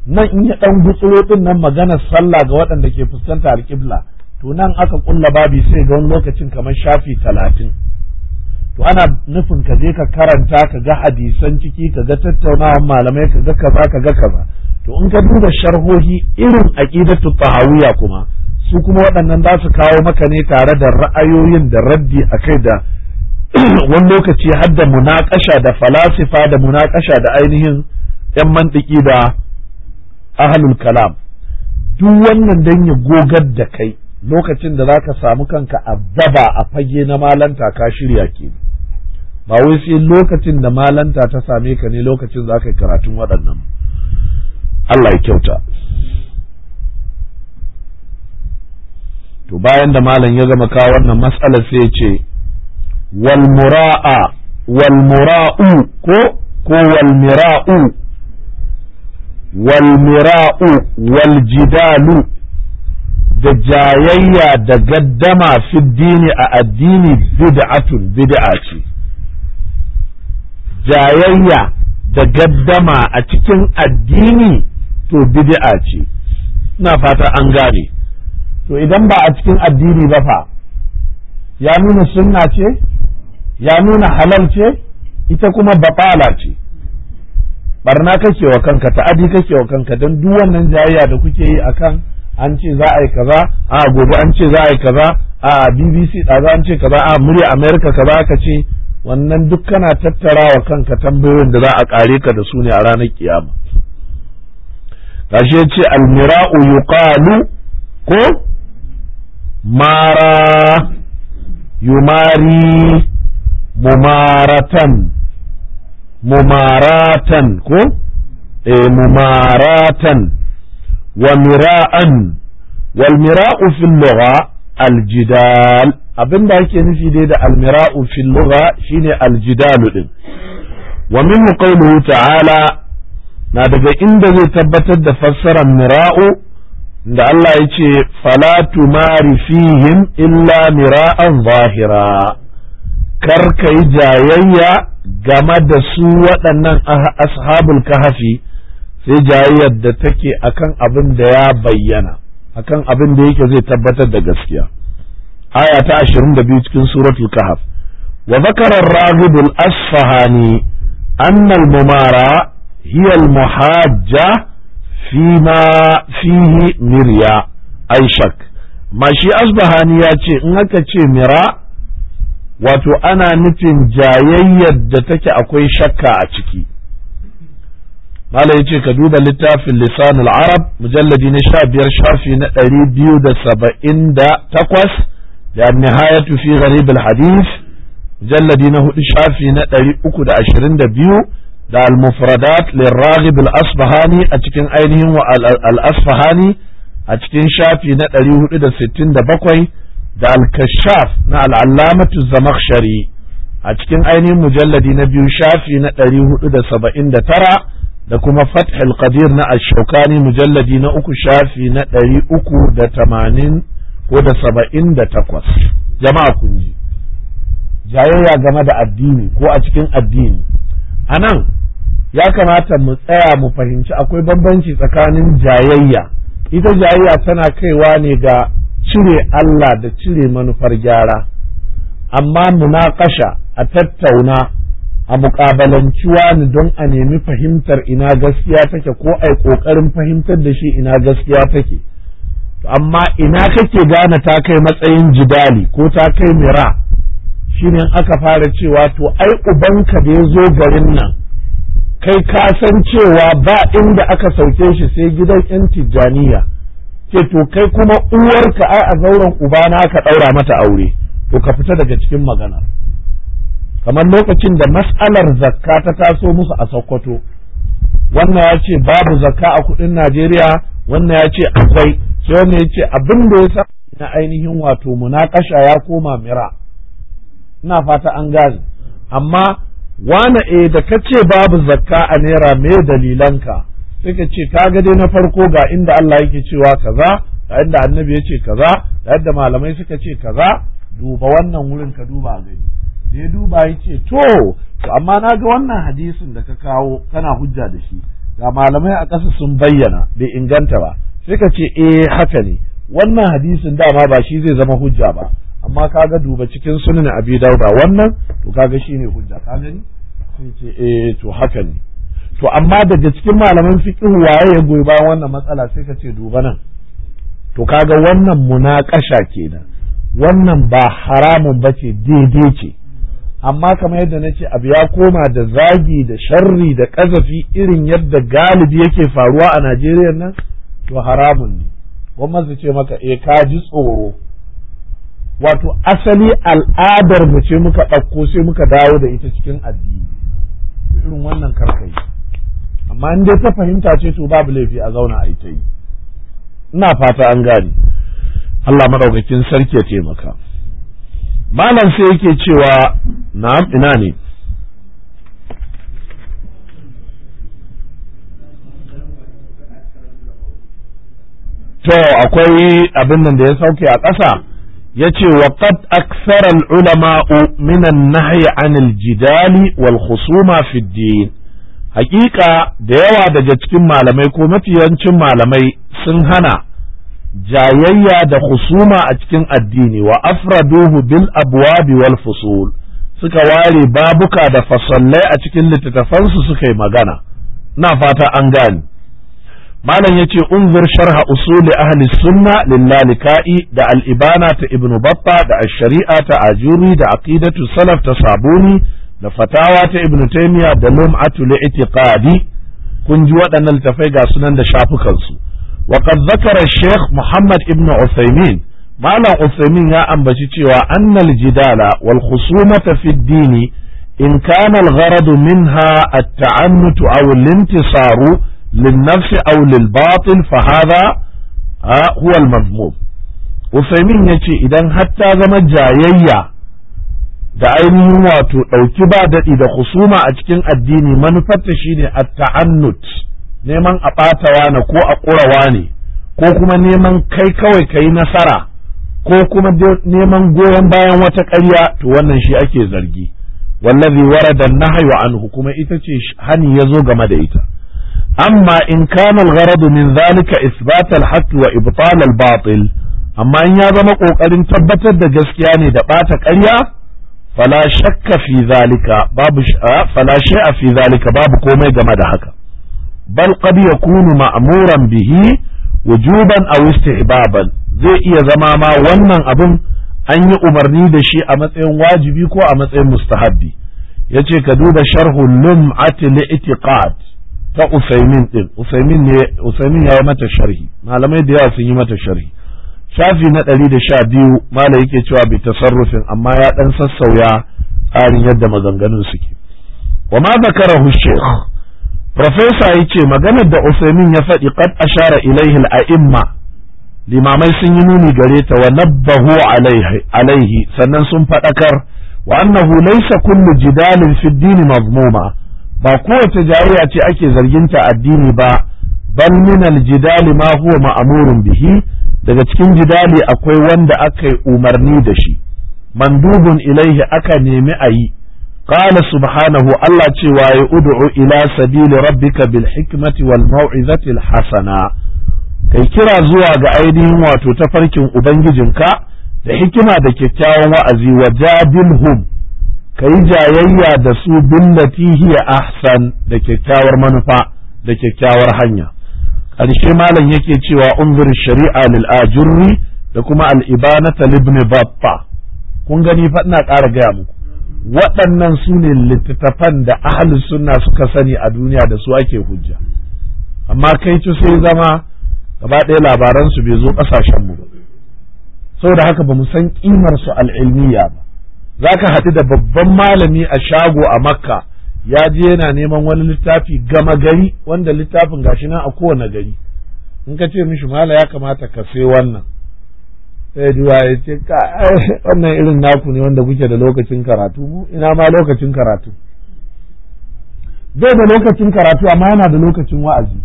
nan in ya ɗan gutsuro din nan maganar sallah ga waɗanda ke fuskanta alƙibla to nan aka ƙulla babi sai ga wani lokacin kamar shafi talatin to ana nufin ka je ka karanta ka ga hadisan ciki ka ga tattaunawa malamai ka ga kaza ka ga kaza to in ka duba sharhohi irin aqidatu tahawiyya kuma su kuma waɗannan za su kawo maka ne tare da ra'ayoyin da raddi a kai da *clears throat* wani lokaci har da munakasha da falasifa da munakasha da ainihin ‘yan mantiki da ahalul kalam duk wannan don ya gogar da kai lokacin da za ka samu kanka a baba a fage na malanta ka shirya ke ba wai sai lokacin da malanta ta same ka ne lokacin za ka yi karatun waɗannan Allah ya kyauta to bayan da malam ya gama kawo wannan matsalar sai ce walmura'a, walmura'u, wal mura'u ko ko wal mira'u wal da jayayya da gaddama fi dini a addini bid'atun bid'a ce jayayya da gaddama a cikin addini to bid'a ce ina fata an gane to idan ba a cikin addini ba fa ya nuna sunna ce ya nuna halal ce ita kuma batala ce barna kake wa kanka ta'adi kake wa kanka don duk wannan jayayya da kuke yi akan an ce za a yi kaza a gobe an ce za a yi kaza a BBC za an ce kaza a murya America kaza ka ce wannan duk kana tattara wa kanka tambayoyin da za a kare ka da su ne a ranar kiyama kashe ce almira'u yuqalu ko mara yumari mumaratan mumaratan ko e mumaratan wa mira'an wal mira'u fil lugha al jidal abinda yake nufi dai da al mira'u fil lugha shine al jidal din wa minhu qawluhu ta'ala na daga inda zai tabbatar da fassarar mira'u da Allah ya ce fala tumari fihim illa mira'an zahira kar ka yi jayayya game da su waɗannan ah, ashabul kahafi sai jayayyar da take akan abin da ya bayyana akan abin da yake zai tabbatar da gaskiya aya ta 22 cikin suratul kahaf wa zakara ar-raghib asfahani annal mumara hiya muhajja fima fihi mirya aishak ma shi asbahani ce in aka ce mira wato ana nufin jayayyar da take akwai shakka a ciki Malam yace ka duba littafin lisanul arab mujalladi na sha biyar shafi na ɗari biyu da saba'in da takwas da nihayatu fi gharib hadith mujalladi na hudu shafi na ɗari uku da ashirin da biyu da al-mufradat lirraghib al-asbahani a cikin ainihin wa al-asbahani a cikin shafi na 467 da al-kashaf na al-allamatu zamakhshari a cikin ainihin mujalladi na biyu shafi na 479 da kuma fath fathul qadir na ash-shawkani mujalladi na uku shafi na 380 ko da 78 jama'a kun ji jayayya game da addini ko a cikin addini a nan ya kamata mu tsaya mu fahimci akwai bambanci tsakanin jayayya ita jayayya tana kaiwa ne ga cire Allah da cire manufar gyara amma munakasha a tattauna a muƙabalanciwa ne don a nemi fahimtar ina gaskiya take ko ai yi ƙoƙarin fahimtar da shi ina gaskiya take amma ina kake gane ta kai matsayin jidali ko ta kai mira ne aka fara cewa to ai ubanka da ya zo garin nan kai ka san cewa ba inda aka sauke shi sai gidan yan tijjaniya ce to kai kuma uwarka ai a zauren ubana ka ɗaura mata aure to ka fita daga cikin magana kamar lokacin da mas'alar zakka ta taso musu a sokoto wannan ya ce babu zakka a kudin najeriya wannan ya ce akwai sai wannan ya ce abin da ya sa na ainihin wato munakasha ya koma mira ina fata an gane amma wane e da ka ce babu zakka a naira me dalilanka sai ka ce kaga dai na farko ga inda Allah yake cewa kaza ga inda annabi ya ce kaza ga yadda malamai suka ce kaza duba wannan wurin ka duba gani da ya duba ya ce to amma na ga wannan hadisin da ka kawo kana hujja da shi ga malamai a ƙasa sun bayyana bai inganta ba sai ka ce eh haka ne wannan hadisin dama ba shi zai zama hujja ba amma kaga duba cikin sunan abi dauda wannan to kaga shine hujja ka gani sai ce eh to haka ne to amma daga cikin malaman fiqh waye ya goyi bayan wannan matsala sai ka ce duba nan to kaga wannan munakasha kenan wannan ba haramun ba bace daidai ce amma kamar yadda na ce abu ya koma da zagi da sharri da ƙazafi irin yadda galibi yake faruwa a Najeriya nan to haramun ne gwamnati ce maka eh ka ji tsoro wato asali al'adar mu ce muka ɗauko sai muka dawo da ita cikin addini to irin wannan karkai amma in dai ta fahimta ce to babu laifi a zauna a ita yi ina fata an gane Allah madaukakin sarki ya taimaka malam sai yake cewa na'am ina ne to akwai abin nan da ya sauke a ƙasa yace wa qad akthara al ulama min an nahy an al jidali da yawa daga cikin malamai ko mafiyancin malamai sun hana jayayya da husuma a cikin addini wa afraduhu bil abwabi wal fusul suka ware babuka da fasallai a cikin littattafansu suka yi magana ina fata an gani malam yace unzur sharha usuli ahli sunna ka'i da al-ibana ta ibn batta da ash-shari'a ta ajuri da aqidatu salaf ta sabuni da fatawa ta ibn taymiya da lum'atu li'tiqadi kun ji waɗannan littafai ga sunan da shafukan su wa qad zakara shaykh muhammad ibn usaymin malam usaymin ya ambaci cewa annal jidala wal khusumata fi ad-dini in kana al-gharadu minha at-ta'annut aw al-intisaru للنفس أو للباطل فهذا هو المذموم وفهمين يجي إذن حتى زم جايية da ainihin wato ɗauki ba daɗi da husuma a cikin addini manufarta shine a ta'annut neman a ɓata na ko a ƙurawa ne ko kuma neman kai kawai ka yi nasara ko kuma neman goyon bayan wata ƙarya to wannan shi ake zargi wallazi warada nahyu anhu kuma ita ce hani ya zo game da ita amma in kana al-gharad zalika isbatar al wa ibtal al-batil amma in ya zama ƙoƙarin tabbatar da gaskiya ne da ɓata ƙarya fala shakka fi babu komai game da haka bal qad kunu ma'muran bihi wujuban aw istihbaban zai iya zama ma wannan abin an yi umarni da shi a matsayin wajibi ko a matsayin mustahabbi yace ka duba sharhul lum'ati li'tiqad ta Usaimin din Usaimin ne Usaimin ya yi mata sharhi malamai da yawa sun yi mata sharhi shafi na ɗari da sha biyu malam yake cewa bi tasarrufin amma ya ɗan sassauya tsarin yadda maganganun suke wa ma zakarahu sheikh profesa yace maganar da Usaimin ya faɗi qad ashara ilaihi a imma. limamai sun yi nuni gare ta wa nabbahu alaihi alaihi sannan sun faɗakar wa annahu laysa kullu jidalin fi ad-din mazmuma ba kowace jariya ce ake zarginta addini ba bal min aljidali ma huwa ma'murun bihi daga cikin jidali akwai wanda aka yi umarni da shi mandubun ilaihi aka nemi a yi qala subhanahu Allah cewa ya ud'u ila sabili rabbika bil hikmati wal mau'izati al hasana kai kira zuwa ga ainihin wato tafarkin ubangijinka da hikima da kyakkyawan wa'azi wa jadilhum ka yi jayayya da su billati hiya ahsan da kyakkyawar manufa da kyakkyawar hanya ƙarshe malam yake cewa unzur shari'a lil ajurri da kuma al ibanata libni babba kun gani fa ina ƙara gaya muku waɗannan su ne littattafan da ahalin sunna suka sani a duniya da su ake hujja amma kai ci sai zama gaba ɗaya labaransu bai zo ƙasashenmu ba saboda haka ba mu san ƙimar su al'ilmiya ba za ka haɗu da babban malami a shago a makka ya je yana neman wani littafi gama gari wanda littafin gashi nan a kowane gari in ka ce mishi mala ya kamata ka sai wannan sai duwa ya ce wannan irin naku ne wanda kuke da lokacin karatu mu ina ma lokacin karatu bai da lokacin karatu amma yana da lokacin wa'azi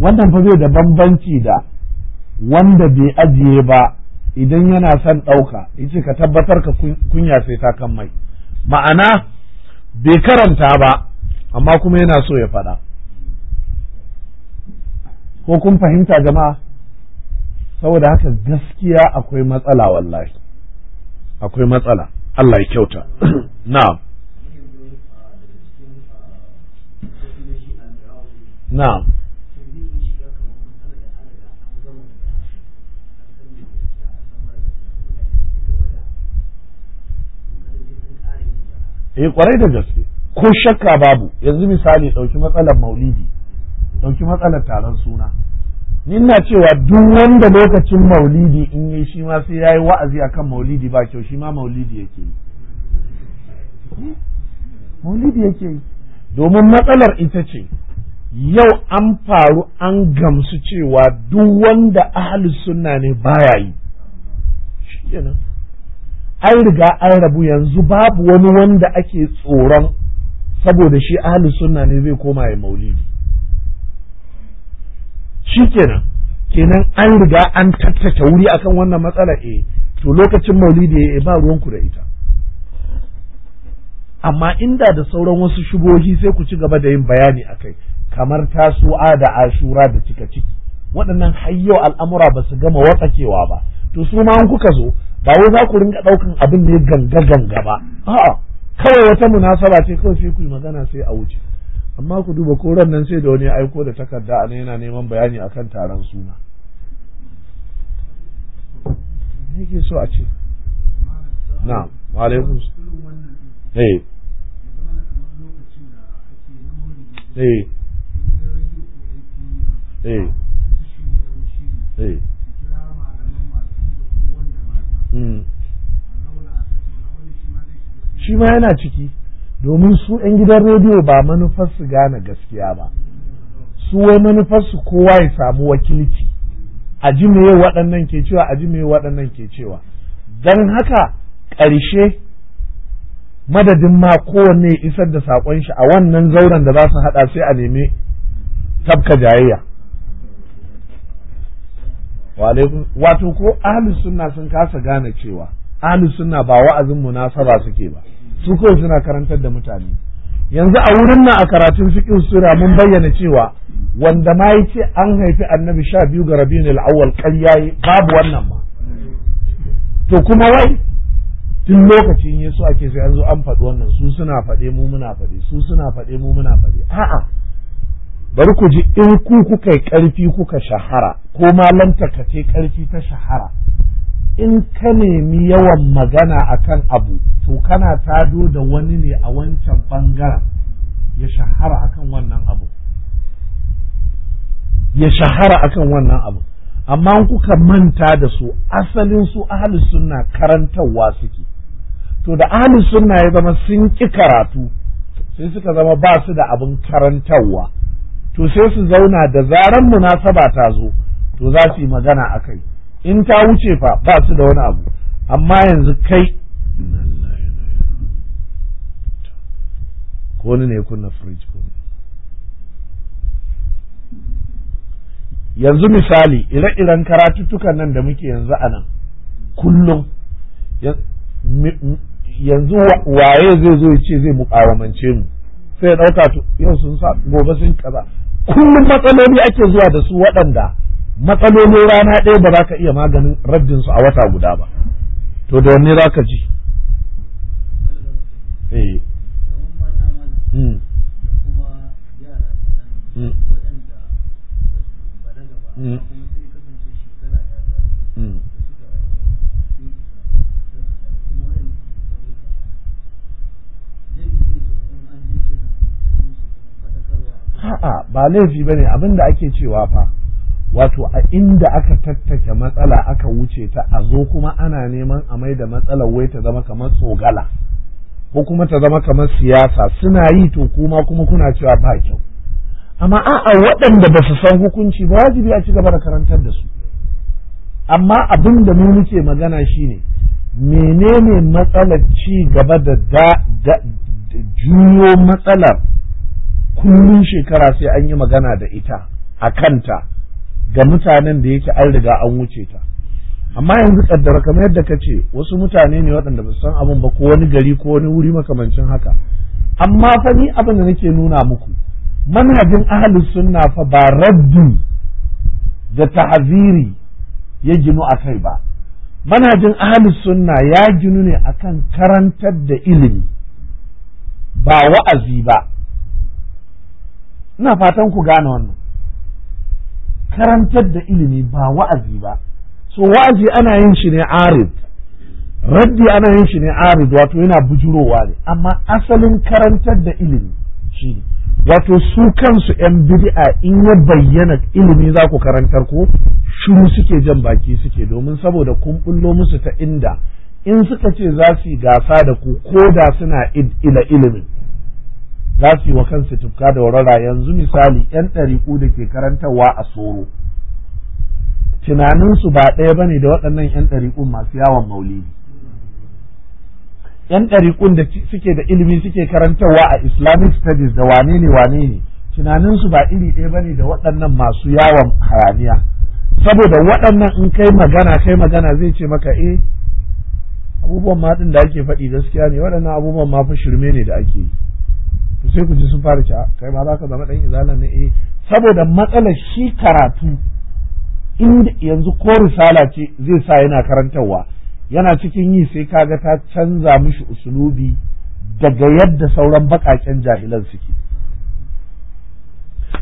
wannan fa zai da bambanci da wanda bai ajiye ba idan yana son ɗauka yace ka tabbatar ka kunya sai ta kan mai ma'ana bai karanta ba amma kuma yana so ya faɗa ko kun fahimta jama'a saboda haka gaskiya akwai matsala wallahi akwai matsala Allah ya kyauta *clears throat* na'am na'am eh kwarai da gaske ko shakka babu yanzu misali ɗauki matsalar maulidi ɗauki matsalar taron suna nina cewa duk wanda lokacin maulidi in yi shi ma sai ya yi wa'azi akan maulidi ba kyau shi ma maulidi yake yi maulidi yake yi domin matsalar ita ce yau an faru an gamsu cewa duk wanda ahalus sunna ne baya yi kenan an riga an rabu yanzu babu wani wanda ake tsoron saboda shi ahlus sunna ne zai koma ya maulidi shi kenan kenan an riga an tattace wuri akan wannan matsala eh to lokacin maulidi ya eh, ba ruwanku da ita amma inda da sauran wasu shubohi sai ku ci gaba da yin bayani a kai, kamar tasu'a da ashura da cika ciki waɗannan har al'amura ba su gama watsakewa ba to su ma kuka zo ba wai za ku rinka ɗaukan abin ne ganga ganga ba a'a kawai wata munasaba ce kawai sai ku yi magana sai a wuce amma ku duba ko ran nan sai da wani aiko da takarda a yana neman bayani akan taron suna yake so a ce na alaikum eh eh eh, eh. Hmm. shi ma yana ciki domin su 'yan gidan rediyo ba manufar su gane gaskiya ba su wai manufarsu kowa ya samu wakilci a ji mai waɗannan ke cewa a ji mai waɗannan ke cewa don haka ƙarshe madadin ma kowanne isar da saƙon shi a wannan zauren da za su haɗa sai a nemi tabka jayayya wato ko ahlus sunna sun kasa gane cewa ahlus sunna ba wa'azin munasaba suke ba su kawai suna karantar da mutane yanzu a wurin nan a karatun fiqh sura mun bayyana cewa wanda ma yace an haifi annabi sha biyu ga rabiul awwal ƙarya babu wannan ma to kuma wai tun lokacin yaso ake sai an zo an faɗi wannan su suna faɗe mu muna faɗe su suna faɗe mu muna faɗe a'a bari ku ji in ku kuka yi ƙarfi kuka shahara ko malanta ta ce ƙarfi ta shahara in ka nemi yawan magana akan abu to kana tado da wani ne a wancan bangaren ya shahara akan wannan abu ya shahara akan wannan abu amma kuka manta da su asalin su ahli sunna karantarwa suke to da ahli sunna ya zama sun ki karatu sai suka zama ba su da abin karantarwa to sai su zauna da zaran munasaba ta zo to za su yi magana a kai in ta wuce fa ba su da wani abu amma yanzu kai ko ne kunna fridge ko yanzu misali ire-iren karatuttukan nan da muke yanzu a nan kullum yanzu waye zai zo ya ce zai mukawamance mu sai ya ɗauka to yau sun sa gobe sun kaza kullum matsaloli ake zuwa da su waɗanda matsaloli rana ɗaya ba za ka iya maganin rabbin su a wata guda ba to da wanne za ka ji Mm-hmm. a'a ba laifi bane abin da ake cewa fa wato a inda aka tattake matsala aka wuce ta a zo kuma ana neman a mai da matsalar wai ta zama kamar tsogala ko kuma ta zama kamar siyasa suna yi to kuma kuma kuna cewa ba kyau amma a'a waɗanda ba su san hukunci ba wajibi a ci gaba da karantar da su amma abin da mu muke magana shine menene matsalar ci gaba da juyo matsalar kullum shekara sai an yi magana da ita a kanta ga mutanen da yake an riga an wuce ta amma yanzu kaddara kamar yadda ka ce wasu mutane ne waɗanda ba san abin ba ko wani gari ko wani wuri makamancin haka amma fa ni abin da nake nuna muku manhajin ahlus sunna fa ba raddu da tahziri ya ginu a kai ba manhajin ahlus sunna ya ginu ne akan karantar da ilimi ba wa'azi ba ina fatan ku gane wannan karantar da ilimi ba wa'azi ba so wa'azi ana yin shi ne arid raddi ana yin shi ne arid wato yana bujurowa ne amma asalin karantar da ilimi shi ne wato su kansu yan bid'a in ya bayyana ilimi za ku karantar ko shiru suke jan baki suke domin saboda kun bullo musu ta inda in suka ce za su yi gasa da ku ko da suna ila ilimin za su yi wa kansu tufka da warara yanzu misali yan ɗariƙu da ke karantarwa a soro tunaninsu ba ɗaya ba ne da waɗannan yan ɗariƙun masu yawon maulidi yan ɗariƙun da suke da ilimi suke karantarwa a islamic studies da wane ne wane ne tunaninsu ba iri ɗaya ba ne da waɗannan masu yawon hayaniya saboda waɗannan in kai magana kai magana zai ce maka eh abubuwan ma ɗin da ake faɗi gaskiya ne waɗannan abubuwan ma fa shirme ne da ake yi to sai ku ji sun fara ci kai ma za ka zama ɗan izalan ne eh saboda matsalar shi karatu in yanzu ko risala ce zai sa yana karantarwa yana cikin yi sai ka ga ta canza mishi usulubi daga yadda sauran bakaken jahilan suke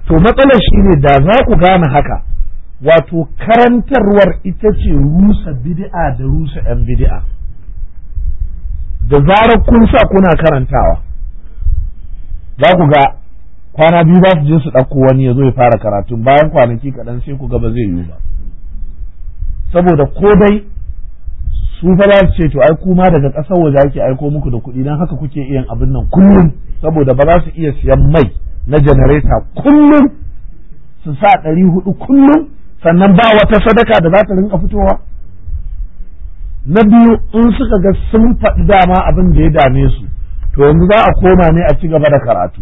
to matsalar shi ne da za ku gane haka wato karantarwar ita ce rusa bid'a da rusa 'yan bid'a da zarar kun sa kuna karantawa za ku ga kwana biyu za su je su ɗauko wani ya zo ya fara karatu, bayan kwanaki kaɗan sai ku ga ba zai yiwu ba saboda ko dai su fa za su ce to ai kuma daga ƙasar waje ake aiko muku da kuɗi don haka kuke iya abin nan kullum saboda ba za su iya siyan mai na janareta kullum su sa ɗari hudu kullum sannan ba wata sadaka da za ta rinka fitowa na biyu in suka ga sun faɗi dama abin da ya dame su to yanzu za a koma ne a ci gaba da karatu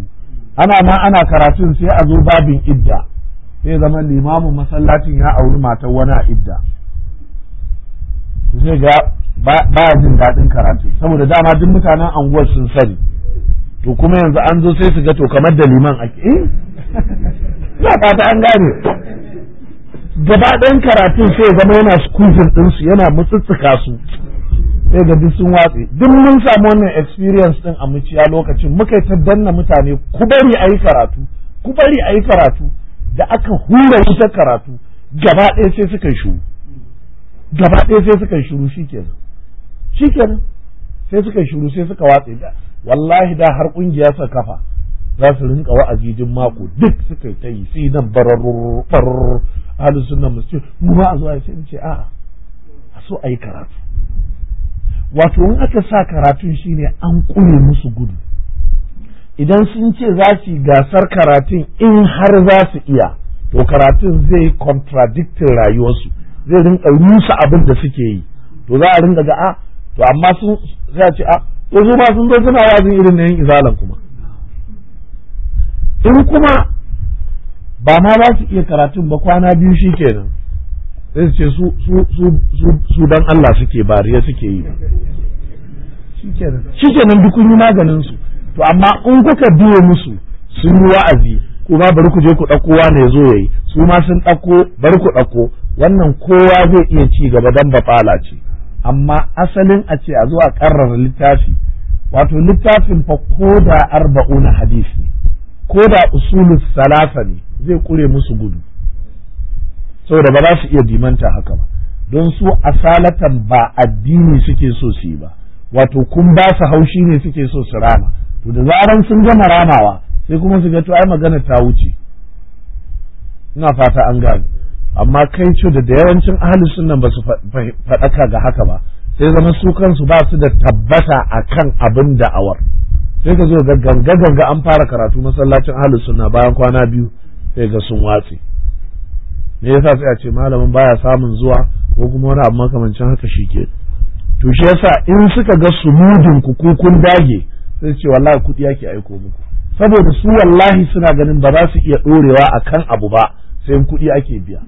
ana ma ana karatun sai a zo babin idda sai zama limamin masallacin ya auri matar wani a idda zai ga baya jin daɗin karatu saboda dama duk mutanen anguwar sun sani to kuma yanzu an zo sai su ga to kamar da liman ake eh *laughs* na fata an gane gaba ɗan karatun sai zama yana skufin ɗinsu yana mutsutsuka su sai ga duk sun watse duk mun samu wannan experience din a muciya lokacin muka yi ta danna mutane ku bari a yi karatu ku bari a yi karatu da aka hura ta karatu gaba ɗaya sai suka shuru gaba ɗaya sai suka shuru shi kenan sai suka shuru sai suka watse da wallahi da har kungiya sa kafa za su rinka wa'azi din mako duk suka ta yi sai nan bararru bararru ahlus sunna musu mu ba a zuwa sai ce a'a a so a yi karatu wato in aka sa karatun shine an ƙure musu gudu idan sun ce za su gasar karatun in har za su iya to karatun zai contradictin rayuwarsu zai rinka rusa abin da suke yi to za a rinka ga a ah, to amma sun za ce a ah, to su sun zo suna irin na yin izalan kuma in kuma ba ma za su iya karatun ba kwana biyu shi kenan sai su ce su dan Allah suke bariya suke yi shi ke duk kun yi maganin su to amma in kuka biyo musu sun yi wa'azi kuma bari ku je ku ɗauko wa ya zo ya yi su ma sun ɗauko bari ku ɗauko wannan kowa zai iya ci gaba dan ba fala ce amma asalin a ce a zo a karar littafi wato littafin fa ko da arba'una hadisi koda da usulus salasa ne zai kure musu gudu saboda ba za su iya dimanta haka ba don su asalatan ba addini suke so su yi ba wato kun ba su haushi ne suke so su rama to da zaran sun gama ramawa sai kuma su ga to ai magana ta wuce ina fata an gane amma kai ce da yawancin ahalin sunan ba su faɗaka ga haka ba sai zama su kansu ba su da tabbata akan abin da'awar sai ka zo ga ganga ganga an fara karatu masallacin ahalin sunna bayan kwana biyu sai ga sun watse me yasa sai a ce malamin baya samun zuwa ko kuma wani abu makamancin haka shi ke to shi yasa in suka ga sumudin ku kukun dage sai ce wallahi kudi yake aiko muku saboda su wallahi suna ganin ba za su iya dorewa akan abu ba sai in kudi ake biya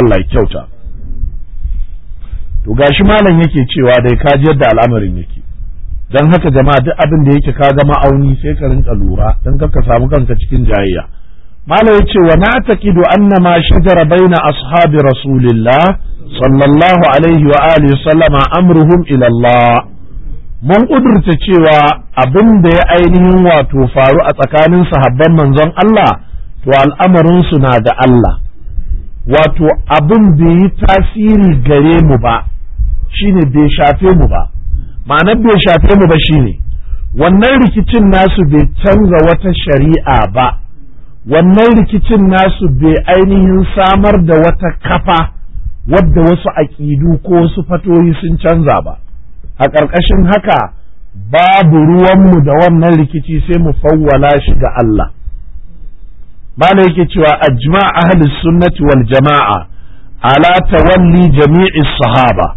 Allah ya kyauta to gashi malam yake cewa dai ka ji yadda al'amarin yake dan haka jama'a duk abin da yake ka ga ma'auni sai ka rinka lura dan ka samu kanka cikin jayayya mala ya ce wa na taƙidu anna ma shajara baina ashabi rasulillah sallallahu alaihi wa alihi sallama amruhum mun ƙudurta cewa abin da ya ainihin wato faru a tsakanin sahabban manzon Allah to al'amarinsu na da Allah wato abin bai yi tasiri gare mu ba shine bai shafe mu ba ma'anar bai shafe mu ba shine wannan rikicin nasu bai canza wata shari'a ba wannan rikicin nasu bai ainihin samar da wata kafa wadda wasu aƙidu ko wasu fatoyi sun canza ba a ƙarƙashin haka babu ruwanmu da wannan rikici sai mu fawwala shi ga Allah bala yake cewa ajma ahlus sunnati wal jama'a ala tawalli jami'i sahaba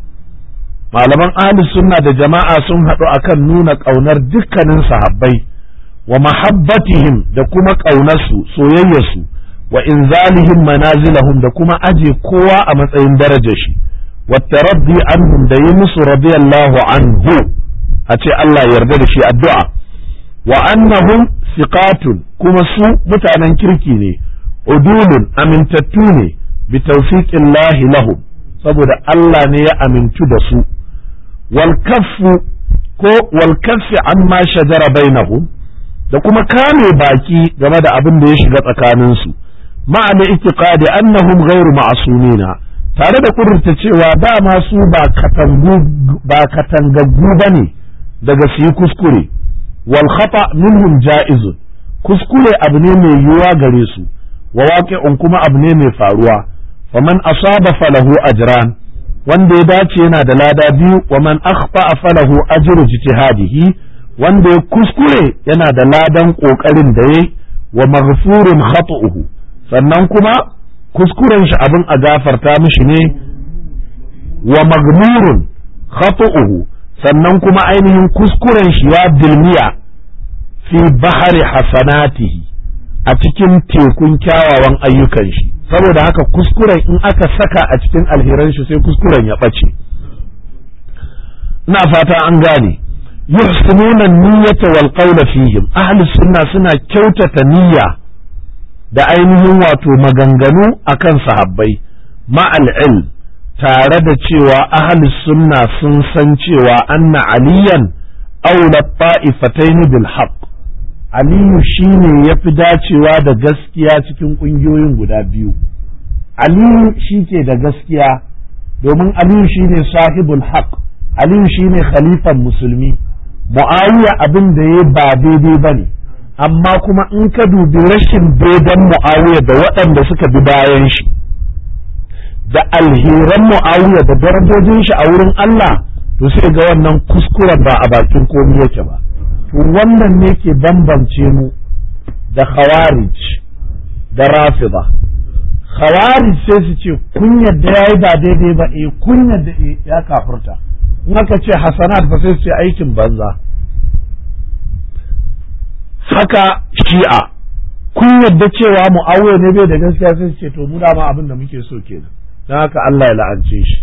malaman ahlus sunna da jama'a sun haɗu akan nuna ƙaunar dukkanin sahabbai wa mahabbatihim da kuma ƙaunarsu soyayyarsu wa inzalihim manazilahum da kuma aje kowa a matsayin daraja shi wa taraddi anhum da yi musu radiyallahu anhu a ce Allah yarda da shi addu'a wa annahum siqatun kuma su mutanen kirki ne udulun amintattu ne bi tawfiqillahi lahu, saboda Allah ne ya amintu da su wal kaffu ko wal kaffi da kuma kame baki game da abin da ya shiga tsakaninsu ma'ana itiqadi annahum ghairu ma'sumina tare da kudurta cewa ma su ba katangu ba katangaggu bane daga su yi kuskure wal khata minhum ja'iz kuskure abu ne mai yiwuwa gare su wa waqi'un kuma abu ne mai faruwa faman asaba falahu ajran wanda ya dace yana da lada biyu wa man akhta falahu ajru jitihadihi wanda ya kuskure yana da ladan ƙoƙarin da ya wa maghfurun khatu'uhu sannan kuma kuskuren shi abin a gafarta mishi ne wa magmurun khatu'uhu sannan kuma ainihin kuskuren shi ya dilmiya fi bahari hasanatihi a cikin tekun kyawawan ayyukan shi saboda haka kuskuren in aka saka a cikin alheran shi sai kuskuren ya ɓace ina fata an gane yuhsinuna niyyata wal qawla fihim ahli sunna suna kyautata niyya da ainihin wato maganganu akan sahabbai ma'al ilm tare da cewa ahli sunna sun san cewa anna aliyan aula ta'ifataini bil haqq aliyu shine yafi dacewa da gaskiya cikin ƙungiyoyin guda biyu aliyu shike da gaskiya domin aliyu shine sahibul haqq aliyu shine khalifan musulmi mu'awiya abin da ya ba daidai ba ne amma kuma in ka dubi rashin daidan mu'awiya da waɗanda suka bi bayan shi da alheran mu'awiya da darajojin shi a wurin Allah to sai ga wannan kuskuren ba a bakin komi yake ba to wannan ne ke bambance mu da khawarij da rafida khawarij sai su ce kun yadda yayi ba daidai ba eh kun yadda eh, ya kafurta maka ce hasanat fa sai su aikin banza haka shi'a kun yadda cewa mu'awiya ne bai da gaskiya sai ce to mu dama abin da muke so kenan don haka Allah ya la'ance shi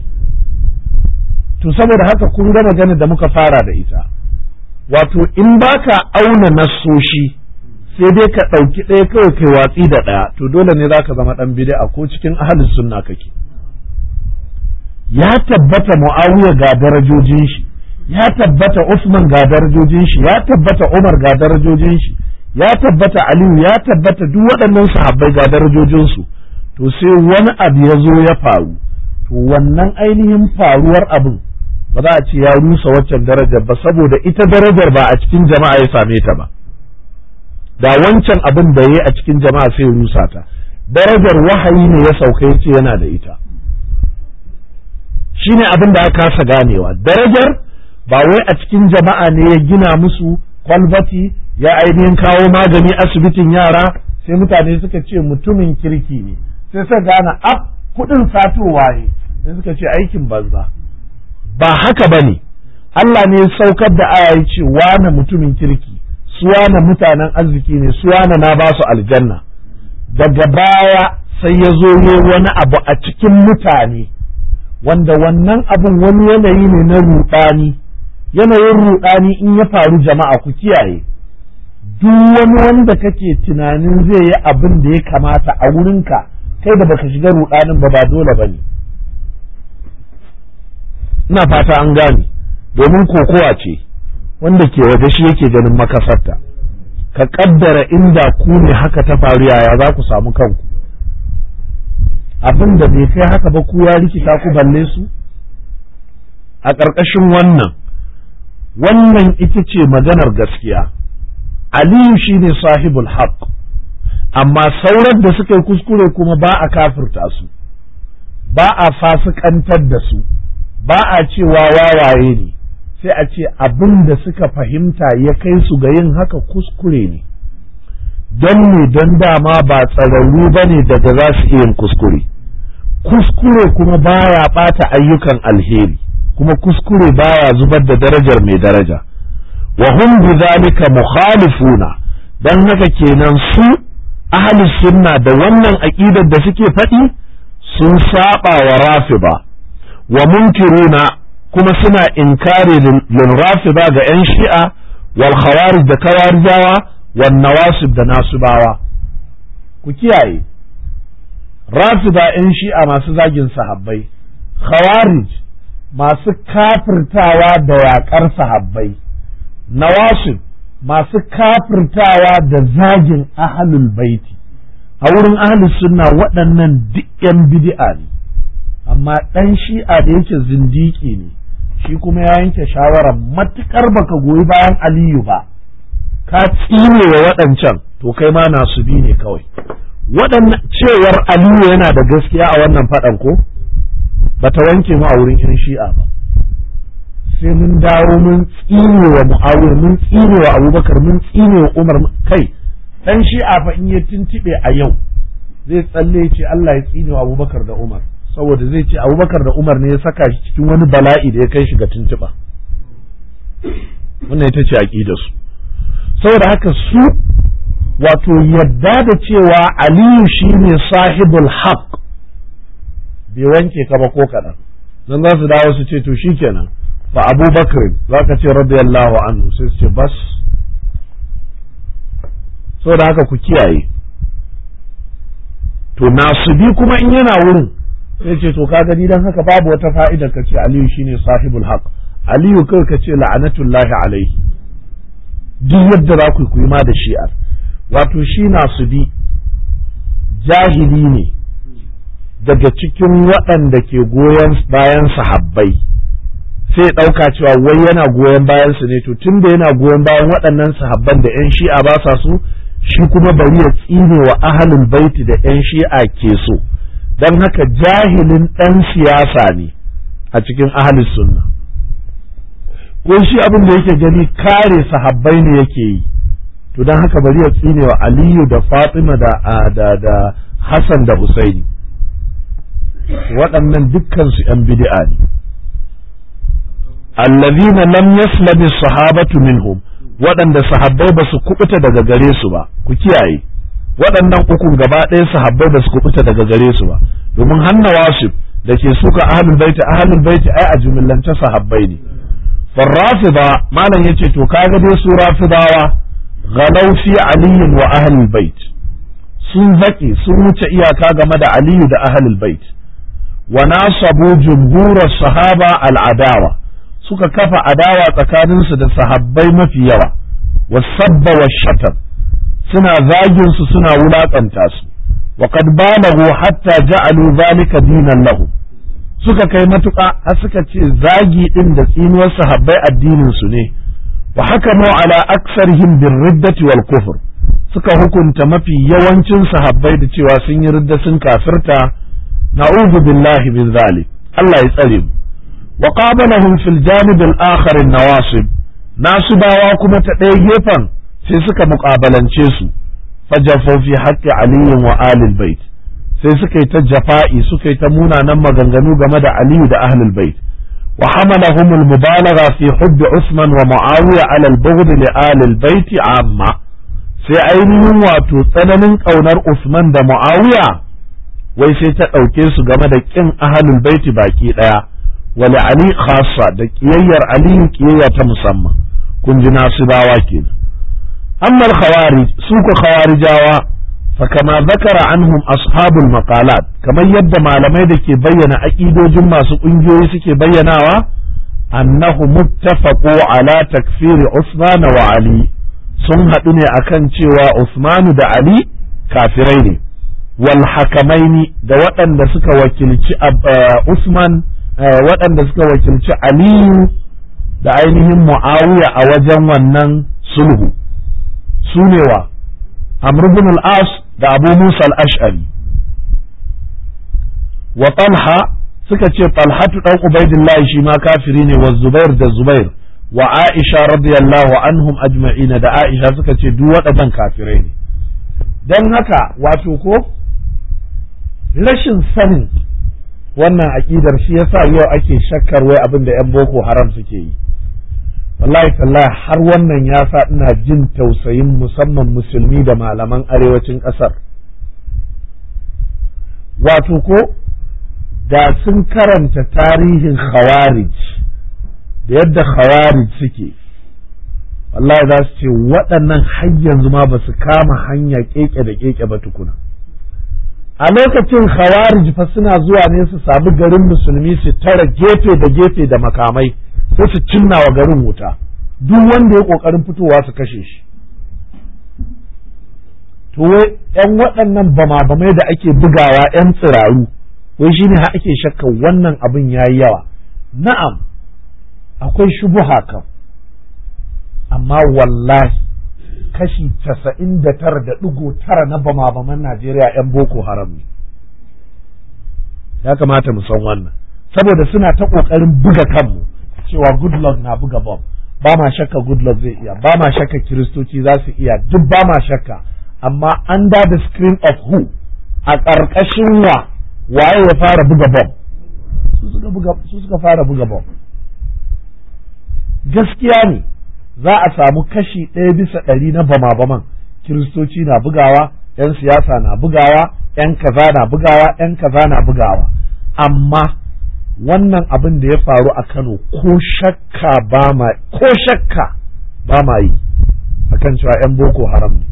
to saboda haka kun ga magana da muka fara da ita wato in baka auna nasoshi sai dai ka ɗauki ɗaya kawai kai watsi da ɗaya to dole ne za ka zama ɗan bid'a ko cikin ahalin sunna kake ya tabbata muawiya ga darajojin shi ya tabbata usman ga darajojin shi ya tabbata umar ga darajojin shi ya tabbata aliyu ya tabbata duk waɗannan sahabbai ga darajojin su to sai wani abu ya zo ya faru to wannan ainihin faruwar abin ba za a ce ya rusa waccan darajar ba saboda ita darajar ba a cikin jama'a ya same ta ba da wancan abin da ya yi a cikin jama'a sai ya rusa ta darajar wahayi ne ya sauka ya ce yana da ita Shi ne abin da aka kasa ganewa darajar ba wai a cikin jama'a ne ya gina musu kwalbati ya ainihin kawo magani asibitin yara sai mutane suka ce mutumin kirki ne sai suka gane a ah, kudin satowa ne sai suka ce aikin banza ba haka ba ne Allah ne ya saukar da aya ya ce wane mutumin kirki su wane mutanen arziki ne su wane na ba su aljanna daga baya sai ya zo wani abu a cikin mutane wanda wannan abin wani yanayi ne na ruɗani yanayin ruɗani in ya faru jama'a ku kiyaye duk wani wanda kake tunanin zai yi abin da ya kamata a wurinka kai da baka shiga ruɗanin ba ba dole ba ne ina fata an gane domin kokowa ce wanda ke waje shi yake ganin makasarta ka kaddara inda ku ne haka ta faru yaya za ku samu kanku abin da bai kai haka ba kowa rikita ku balle su a ƙarƙashin wannan wannan ita ce maganar gaskiya aliyu shi ne sahibul haq, amma sauran da suka yi kuskure kuma ba a kafirta su ba a fasikantar da su ba a cewa wawaye ne sai a ce abin da suka fahimta ya kai su ga yin haka kuskure ne don ne don dama ba tsararru ba ne daga za su iya kuskure kuskure kuma baya bata ayyukan alheri kuma kuskure baya zubar da darajar mai daraja wa hum bidhalika mukhalifuna dan haka kenan su ahli sunna da wannan aqidar da suke faɗi sun saba wa rafida wa munkiruna kuma suna inkari lil rafida ga yan shi'a wal khawarij da kawarijawa Wanne wasu da bawa ku kiyaye da yan shi'a masu zagin sahabbai khawarij masu kafirtawa da yakar sahabbai nawasu masu kafirtawa da zagin ahlul baiti a wurin ahlus sunna waɗannan duk yan bid'a ne amma ɗan shi'a da yake zindiki ne shi kuma ya yanke shawarar matuƙar baka goyi bayan aliyu ba ka tsine wa waɗancan to kai ma na su bi ne kawai waɗannan cewar aliyu yana da gaskiya a wannan faɗan ko ba ta wanke mu a wurin irin shi'a ba sai mun dawo mun tsine wa mu'awiyar mun tsine wa abubakar mun tsine wa umar kai ɗan shi'a fa in ya tuntube a yau zai tsalle ce Allah ya tsine wa abubakar da umar saboda zai ce abubakar da umar ne ya saka shi cikin wani bala'i da ya kai shi ga tuntuɓa wannan ita ce su. saboda haka su wato yadda da cewa aliyu shi ne sahibul haq bai wanke ka ba ko kaɗan don za su dawo su ce to shi kenan fa abubakar za ka ce radiyallahu anhu sai su ce bas saboda haka ku kiyaye to nasubi kuma in yana wurin sai ce to ka gani don haka babu wata fa'idar ka ce aliyu shi ne sahibul haq aliyu kai ka ce la'anatullahi alaihi duk yadda za ku yi ma da shi'ar wato shi na su bi jahili ne daga cikin waɗanda ke goyon bayan sahabbai sai ɗauka cewa wai yana goyon bayan su ne to tun da yana goyon bayan waɗannan sahabban da 'yan shi'a ba sa so shi kuma bari ya tsine wa ahalin baiti da 'yan shi'a ke so don haka jahilin ɗan siyasa ne a cikin ahalin sunna ko shi abin da yake gani kare sahabbai ne yake yi to don haka bari ya tsine wa aliyu da fatima da da da hassan da husaini waɗannan dukkan su yan bid'a ne allazina lam yaslabi sahabatu minhum waɗanda sahabbai ba su kubuta daga gare su ba ku kiyaye waɗannan ukun gaba ɗaya sahabbai ba su kubuta daga gare su ba domin hanna wasif da ke suka ahlul baiti ahlul baiti ai a jumillance sahabbai ne ba والرافضة ما لن يتيتو كاغدي سو رافضة غلو في wa وأهل البيت sun zaƙe sun wuce iyaka game da Aliyu da ahlul bait wa nasabu jumhurar sahaba al'adawa suka kafa adawa tsakaninsu da sahabbai mafi yawa wa sabba wa shatar suna zagin su suna wulaƙanta su wa qad balagu hatta ja'alu zalika dinan lahu suka kai matuƙa har suka ce zagi ɗin da tsinuwar sahabbai addinin su ne wa haka mu ala aksarihim bin riddati wal kufur suka hukunta mafi yawancin sahabbai da cewa sun yi ridda sun kafirta na'udhu billahi min zalik Allah ya tsare mu wa qabalahum fil janib al akhar an nawasib nasubawa kuma ta ɗaya gefen sai suka muƙabalance su fajafofi haƙƙi aliyin wa alil bait sai suka yi ta jafa'i suka yi ta munanan maganganu game da aliyu da ahlul bait wa hamalahum al mubalagha fi hubb usman wa muawiya ala al bughd li ahlul bait amma sai ainihin wato tsananin kaunar usman da muawiya wai sai ta dauke su game da kin ahlul bait baki daya wa li ali khassa da kiyayyar aliyu kiyayya ta musamman kun ji nasibawa kenan amma al khawarij su khawarijawa فكما ذكر عنهم أصحاب المقالات كما يد ما لم يدك بين أكيد جمع سقنجي سكي بيناوا أنه متفقوا على تكفير عثمان وعلي sun haɗu ne a kan cewa Usmanu da Ali kafirai ne, Walhakamai ne da waɗanda suka wakilci Usman waɗanda suka wakilci Aliyu da ainihin Mu'awiya a wajen wannan sulhu, su ne wa Amr ibn al-As da abu musa al'ash'ari wa talha suka ce talhatu ɗan Ubaidullahi shi ma kafiri ne wa zubair da zubair wa aisha radiyallahu anhum ajma'ina da aisha suka ce duk waɗannan kafirai ne don haka wato ko rashin sanin wannan aƙidar shi yasa yau ake shakkar wai abin da 'yan boko haram suke yi wallahi tallahi har wannan ya sa ina jin tausayin musamman musulmi da malaman arewacin ƙasar wato ko da sun karanta tarihin khawarij da yadda khawarij suke wallahi za su ce waɗannan har yanzu ma ba su kama hanya keke da keke ba tukuna a lokacin khawarij fa suna zuwa ne su samu garin musulmi su tara gefe da gefe da makamai sai su cinna wa garin wuta duk wanda ya kokarin fitowa su kashe shi to wai yan waɗannan bama bamai da ake bugawa yan tsiraru wai shi ne ake shakka wannan abin ya yi yawa na'am akwai shubuha haka amma wallahi kashi casa'in da tara da ɗigo tara na bama-baman Najeriya 'yan Boko Haram ne. Ya kamata mu san wannan, saboda suna ta ƙoƙarin buga kanmu, cewa goodluck na buga bomb ba ma shakka goodluck zai iya ba ma shakka kiristoci za su iya duk ba ma shakka amma under the screen of who a ƙarƙashin wa waye ya fara buga bomb. su suka fara buga bomb gaskiya ne za a samu kashi ɗaya bisa ɗari na bama-baman kiristoci na bugawa 'yan siyasa na bugawa 'yan kaza na bugawa 'yan kaza na bugawa amma wannan abin da ya faru a Kano ko shakka ba ma ko shakka ba ma yi akan cewa 'yan boko haram ne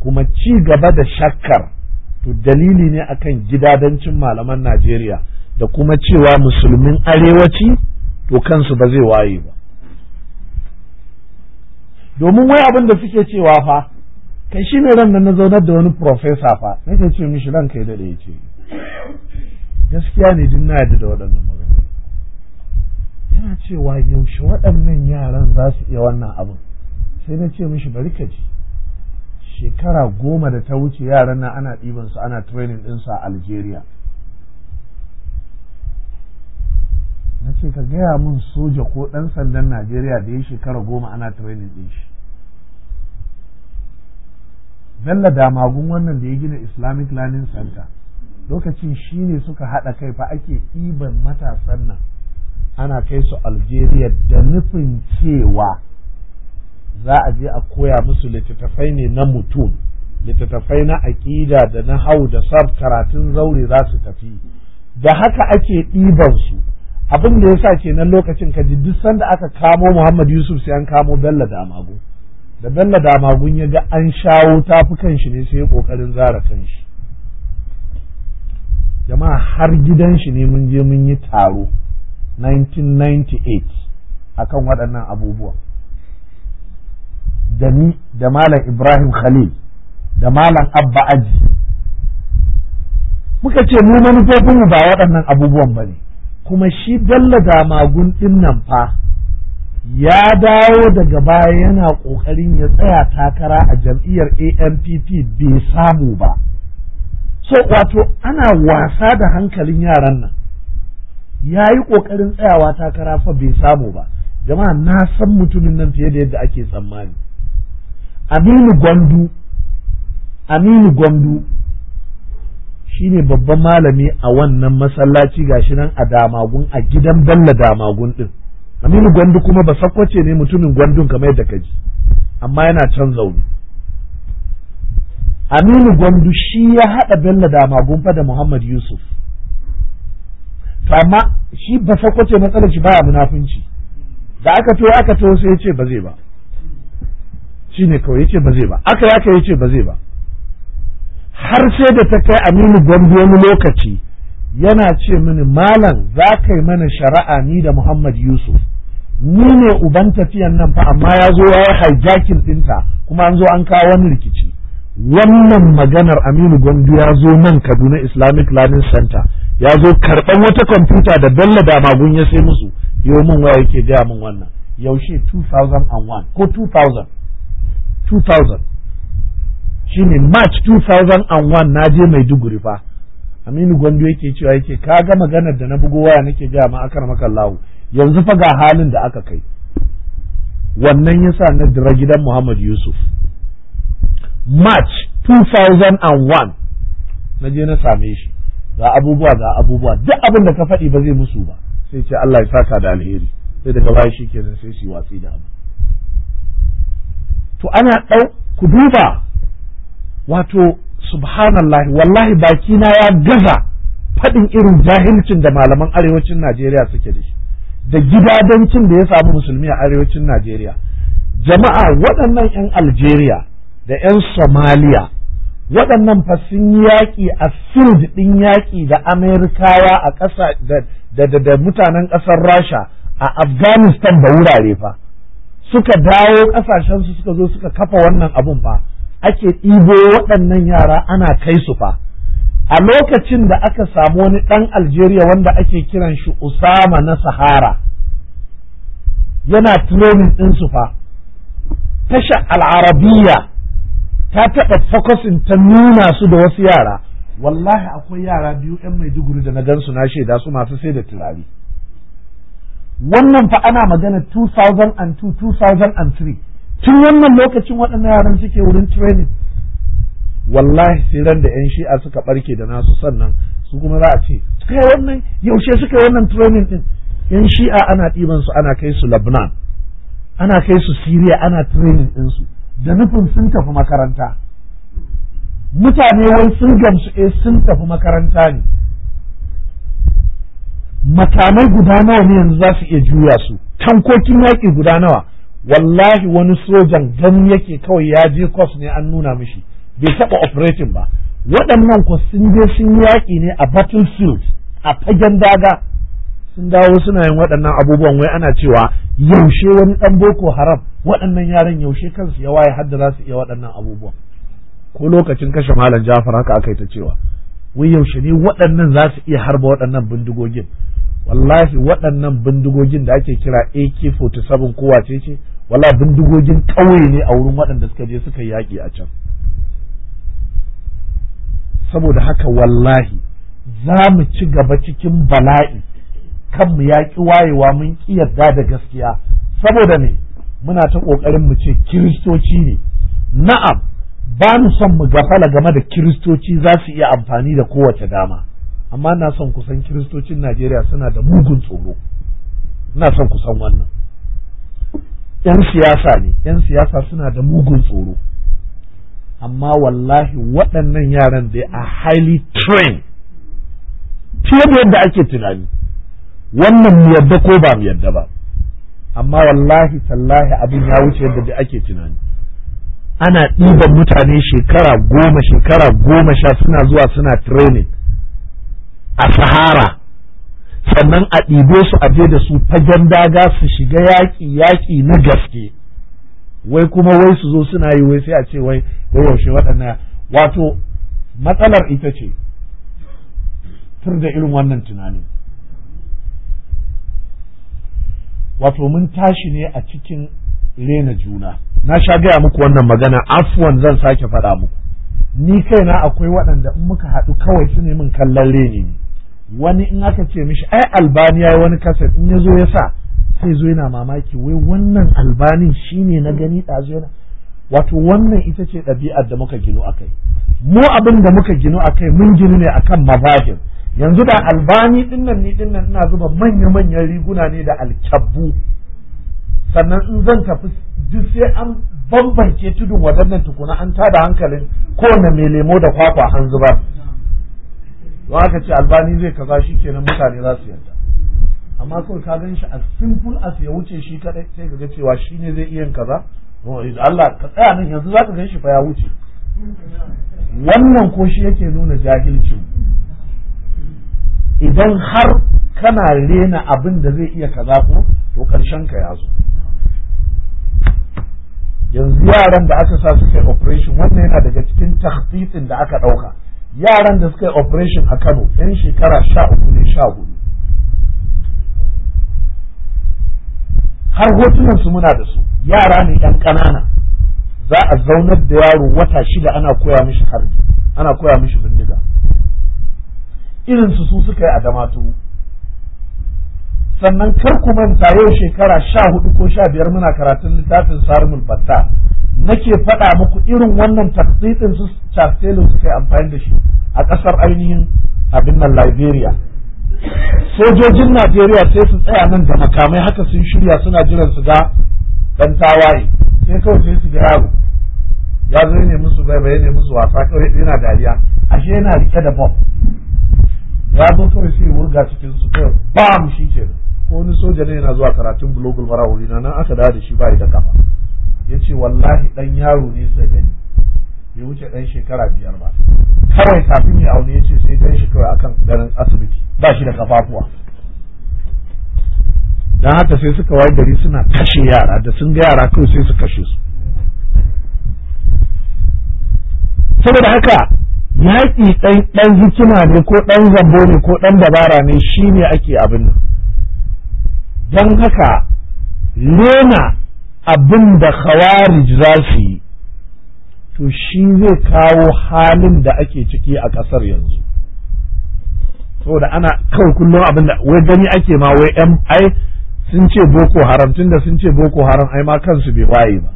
kuma ci gaba da shakkar to dalili ne akan gidadancin malaman Najeriya da kuma cewa musulmin arewaci to kansu ba zai waye ba domin wai abin da suke cewa fa kai shi ne ran nana na zaunar da wani profesa fa nake ce mishi ranka kai dade ya ce gaskiya ne din na yadda da waɗannan maganganu yana cewa yaushe waɗannan yaran za su iya wannan abin sai na ce mishi bari ka ji shekara goma da ta wuce yaran na ana ɗiban su ana training ɗinsu a Algeria na ce ka gaya min soja ko ɗan sandan Najeriya da ya shekara goma ana training ɗin shi Bello magun wannan da ya gina Islamic Learning Center lokacin shi ne suka haɗa kai fa ake ɗiban matasan nan ana kai su algeria da nufin cewa za a je a koya musu littattafai ne na mutum littattafai na aƙida da na hau da sab karatun zaure za su tafi da haka ake ɗiban su abin da ya sa nan lokacin ka ji duk sanda aka kamo Muhammad Yusuf sai an kamo Bello Damagu da Bello Damagun ya ga an shawo tafi kan shi ne sai ya kokarin zara kan jama'a har gidan shi ne mun je mun yi taro 1998 akan waɗannan abubuwan da ni da malam ibrahim khalil da malam abba aji muka ce mu manufofinmu ba waɗannan abubuwan ba ne kuma shi dalla magun ɗin nan fa ya dawo daga baya yana ƙoƙarin ya tsaya takara a jam'iyyar ampp bai samu ba so wato ana wasa da hankalin yaran nan ya yi ƙoƙarin tsayawa takara fa bai samu ba jama'a na san mutumin nan fiye da yadda ake tsammani aminu gwandu aminu gwandu shi ne babban malami a wannan masallaci gashi nan a damagun a gidan bello damagun ɗin aminu gwandu kuma ba sakwace ne mutumin gwandun kamar yadda kaji amma yana can zaune aminu gwandu shi ya haɗa bello da magunfa da muhammad yusuf amma shi ba sakwace matsalar shi baya munafunci da aka to aka to sai ya ce ba zai ba shi ne kawai ya ce ba zai ba aka yi aka ya ce ba zai ba har sai da ta kai aminu gwandu wani lokaci yana ce mini malam za ka yi mana shari'a ni da muhammad yusuf ni ne uban tafiyan nan fa amma ya zo ya yi hijacking ɗinta kuma an zo an kawo wani rikici wannan maganar aminu gwandu ya zo nan kaduna islamic learning center ya zo karɓar wata kwamfuta da bello damagun ya sai musu yau mun waya yake gaya min wannan yaushe 2001 ko 2000 2000 shine march 2001 na je mai duguri fa aminu gwandu yake cewa yake kaga maganar da na bugo waya nake gaya ma akar maka lahu yanzu fa ga halin da aka kai wannan yasa na dira gidan muhammad yusuf march 2001 na je na same shi ga abubuwa ga abubuwa duk abin da ka faɗi ba zai musu ba sai ce Allah ya saka da alheri sai daga baya shi kenan sai su watsi da abu to ana ɗau ku duba wato subhanallahi wallahi baki na ya gaza faɗin irin jahilcin da malaman arewacin Najeriya suke da shi da gidadancin da ya samu musulmi a arewacin Najeriya jama'a waɗannan 'yan Algeria da 'yan somaliya waɗannan fa sun yi yaƙi a sirri ɗin yaƙi da amerikawa a ƙasa da mutanen ƙasar rasha a afghanistan ba wurare fa suka dawo ƙasashensu suka zo suka kafa wannan abun fa ake ɗibo waɗannan yara ana kai su fa a lokacin da aka samu wani ɗan algeria wanda ake kiran shi usama na sahara yana training ɗinsu fa tasha al'arabiya ta taɓa focusin ta nuna su da wasu yara wallahi akwai yara biyu yan maiduguri da na gansu na shaida su masu sai da turare wannan fa ana magana 2002 2003 tun wannan lokacin waɗannan yaran suke wurin training wallahi sai ran da yan shi'a suka barke da nasu sannan su kuma za a ce kai wannan yaushe suka wannan training din yan shi'a ana ɗiban su ana kai su Lebanon ana kai su Syria ana training din su da nufin sun tafi makaranta mutane wai sun gamsu eh sun tafi makaranta ne makamai guda nawa ne yanzu za su iya juya su tankokin yaƙi guda nawa wallahi wani sojan gani yake kawai ya je kwas ne an nuna mishi bai taɓa operating ba waɗannan kwas sun je sun yaƙi ne a battlefield a fagen daga sun dawo suna yin waɗannan abubuwan wai ana cewa yaushe wani ɗan boko haram waɗannan yaran yaushe kansu ya waye hadda za su iya waɗannan abubuwan ko lokacin kashe malam jafar haka aka yi ta cewa wai yaushe ne waɗannan za su iya harba waɗannan bindigogin wallahi waɗannan bindigogin da ake kira AK47 ko wace ce wallahi bindigogin ƙauye ne a wurin waɗanda suka je suka yaƙi a can saboda haka wallahi za mu ci gaba cikin bala'i kanmu ya ki wayewa mun ki yarda da gaskiya saboda me muna ta ƙoƙarin mu ce kiristoci ne na'am ba mu son mu gafala game da kiristoci za su iya amfani da kowace dama amma na son kusan kiristocin najeriya suna da mugun tsoro na son kusan wannan yan siyasa ne yan siyasa suna da mugun tsoro amma wallahi waɗannan yaran dai a highly trained fiye da yadda ake tunani wannan mu yadda ko ba mu yadda ba amma wallahi tallahi abin ya wuce yadda da ake tunani ana ɗiban mutane shekara goma shekara goma sha suna zuwa suna training a sahara sannan a ɗibe su a je da su fagen daga su shiga yaƙi yaƙi na gaske wai kuma wai su zo suna yi wai sai a ce wai wai yaushe waɗannan wato matsalar ita ce tur da irin wannan tunanin wato mun tashi ne a cikin rena juna na sha gaya muku wannan magana afuwan zan sake faɗa muku ni kaina akwai waɗanda in muka haɗu kawai su ne min kallon reni ne wani in aka ce mishi ai albani ya wani kaset in ya zo ya sa sai zo yana mamaki wai wannan albanin shine na gani ɗazu yana wato wannan ita ce ɗabi'ar da muka ginu akai. mu abin da muka ginu akai mun ginu ne akan mazahir yanzu da albani dinnan ni dinnan ina zuba manya-manyan riguna ne da alkyabbu sannan in zan tafi duk sai an bambance tudun waɗannan tukuna an da hankalin kowane mai lemo da kwakwa an zubar don aka ce albani zai kaza shi kenan mutane za su yarda amma kawai ka gan shi a simple as ya wuce shi kadai sai ka ga cewa shi ne zai iya kaza Allah ka tsaya nan yanzu za ka gan shi fa ya wuce wannan ko shi yake nuna jahilcin idan har kana rena abin da zai iya kaza ko to karshen ka ya zo yanzu yaran da aka sa suka operation wannan yana daga cikin tahqiqin da aka ɗauka yaran da suka yi operation a Kano yan shekara sha uku ne sha hudu har hotunan su muna da su yara ne yan ƙanana za a zaunar da yaro wata shida ana koya mishi harbi ana koya mishi bindiga irin su su suka yi a sannan kar ku manta yau shekara sha hudu ko sha biyar muna karatun littafin sarmul batta nake faɗa muku irin wannan tafsirin su Charles suka yi amfani da shi a ƙasar ainihin abin nan Liberia sojojin Najeriya sai su tsaya nan da makamai haka sun shirya suna jiran su ga dan tawaye sai kawai sai su gira ya zo ne musu bai bai ne musu wasa kawai yana dariya ashe yana rike da bomb ya zo kawai sai wurga cikin su kawai bam shi kenan ko wani soja ne yana zuwa karatun bulogul marawuri na nan aka dawo da shi bai da kafa ya ce wallahi dan yaro ne sai gani ya wuce dan shekara biyar ba kawai kafin ya aune ya ce sai dan shi kawai akan garin asibiti ba shi da kafafuwa dan haka sai suka wayi gari suna kashe yara da sun ga yara kawai sai su kashe su saboda haka yaƙi ɗan hikima ne ko ɗan zambo ne ko ɗan dabara ne shi ne ake abin nan don haka lena abin da khawarij za su yi to shi zai kawo halin da ake ciki a ƙasar yanzu saboda ana kawai kullum abin da wai gani ake ma wai ai sun ce boko haram tunda sun ce boko haram ai ma kansu bai waye ba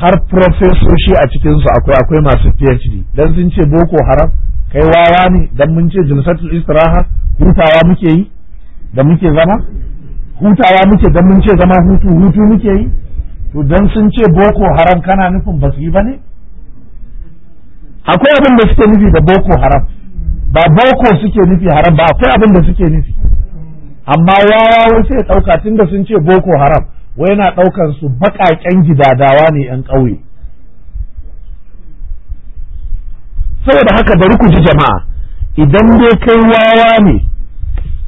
har profesoshi a cikinsu akwai akwai masu PhD dan sun ce boko haram kai wawa ne dan mun ce jinsatul istiraha hutawa muke yi da muke zama hutawa muke dan mun ce zama hutu hutu muke yi to dan sun ce boko haram kana nufin ba su yi bane akwai abin da suke nufi da boko haram ba boko suke nufi haram ba akwai abin da suke nufi amma wawa sai ya dauka tunda sun ce boko haram wai yana ɗaukar su baƙaƙen gidadawa ne ‘yan ƙauye. Saboda haka bari ku ji jama'a, idan dai kai wawa ne,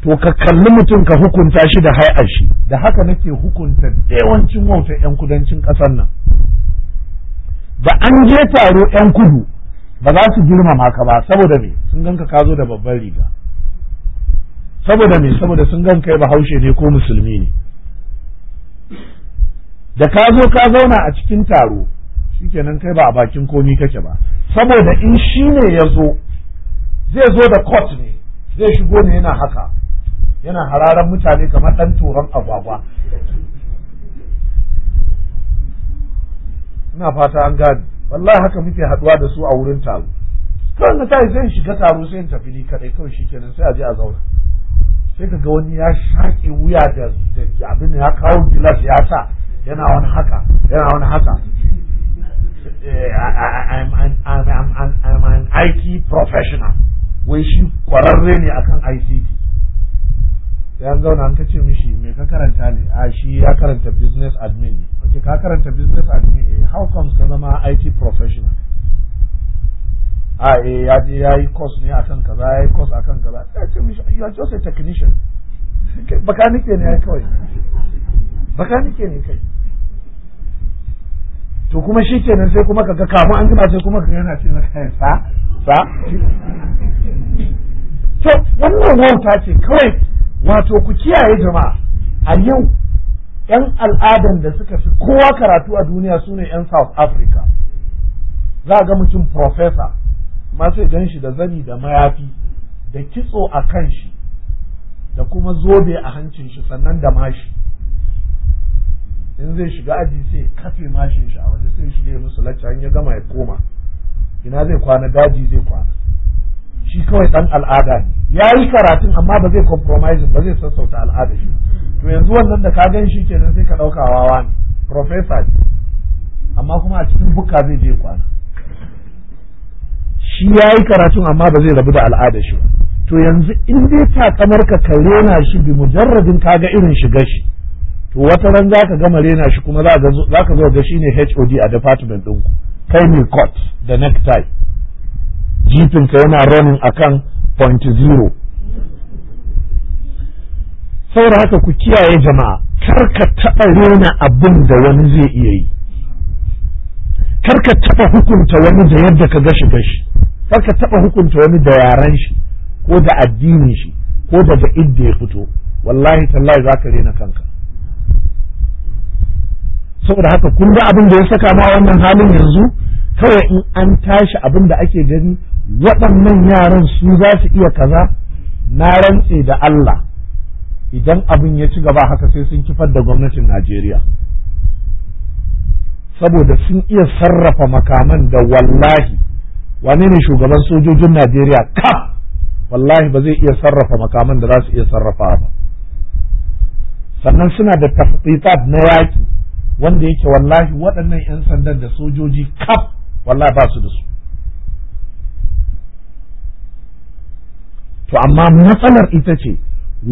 to ka kalli mutum ka hukunta shi da hai'ar shi, da haka nake hukunta yawancin wauta ‘yan kudancin ƙasar nan. Da an je taro ‘yan kudu, ba za su girmama ka ba, saboda me sun ganka ka zo da babban riga. Saboda me saboda sun ganka ba bahaushe ne ko musulmi ne. da ka zo ka zauna a cikin taro shikenan kai ba a bakin komi kake ba saboda in shi ne ya zo zai zo da court ne zai shigo ne yana haka yana hararan mutane kamar ɗan turon agwagwa ina fata an gane wallahi haka muke haɗuwa da su a wurin taro kawai na sai zai shiga taro sai in tafi ni kadai kawai shikenan sai a je a zauna sai ka ga wani ya shaƙe wuya da abin ya kawo gilas ya sa yana wani haka yana wani haka eh, I'm an IT professional wai shi kwararre ne akan ICT ya zauna an kace mishi me ka karanta ne a shi ya karanta business admin ne okay ka karanta business admin eh how comes ka zama IT professional a eh ya je ya yi course ne akan kaza ya yi course akan kaza ya ce mishi you are just a technician *laughs* nike ne ya kawai nike ne kai to kuma shi kenan sai kuma kaga kafin an jima sai kuma kaga yana ce kayan sa sa to wannan wauta ce kawai wato ku kiyaye jama'a a yau yan al'adan da suka fi kowa karatu a duniya su ne yan south africa za ga mutum professor masu gan shi da zani da mayafi da kitso a kan shi da kuma zobe a hancin shi sannan da mashi in zai shiga aji sai kafe mashin shi a waje sai shige musu lacca in ya gama ya koma ina zai kwana daji zai kwana shi kawai dan al'ada ne ya yi karatun amma ba zai compromise ba zai sassauta al'ada shi to yanzu wannan da ka gan shi kenan sai ka dauka wawa ne professor ne amma kuma a cikin bukka zai je kwana shi ya yi karatun amma ba zai rabu da al'ada shi ba to yanzu in dai ta kamar ka rena shi bi mujarradin ka ga irin shiga shi to wata ran za ka gama rena shi kuma za ka zo ga shi ne HOD a department ɗinku kai ne court da necktie ka yana running kan point zero saura haka ku kiyaye jama'a kar ka taɓa rena abin da wani zai iya yi kar ka taɓa hukunta wani da yadda ka gashi gashi kar ka taɓa hukunta wani da yaren shi ko da addinin shi ko da da inda ya fito wallahi tallahi za ka rena kanka saboda haka kun ga abin da ya saka ma wannan halin yanzu kawai in an tashi abin da ake gani waɗannan yaran su za su iya kaza na rantse da Allah idan abin ya ci gaba haka sai sun kifar da gwamnatin Najeriya saboda sun iya sarrafa makaman da wallahi wane ne shugaban sojojin Najeriya Ka. wallahi ba zai iya sarrafa makaman da za su iya sarrafa ba sannan suna da tafsitat na yaki wanda yake wallahi waɗannan 'yan sandan da sojoji kaf wallahi ba su da su to amma matsalar ita ce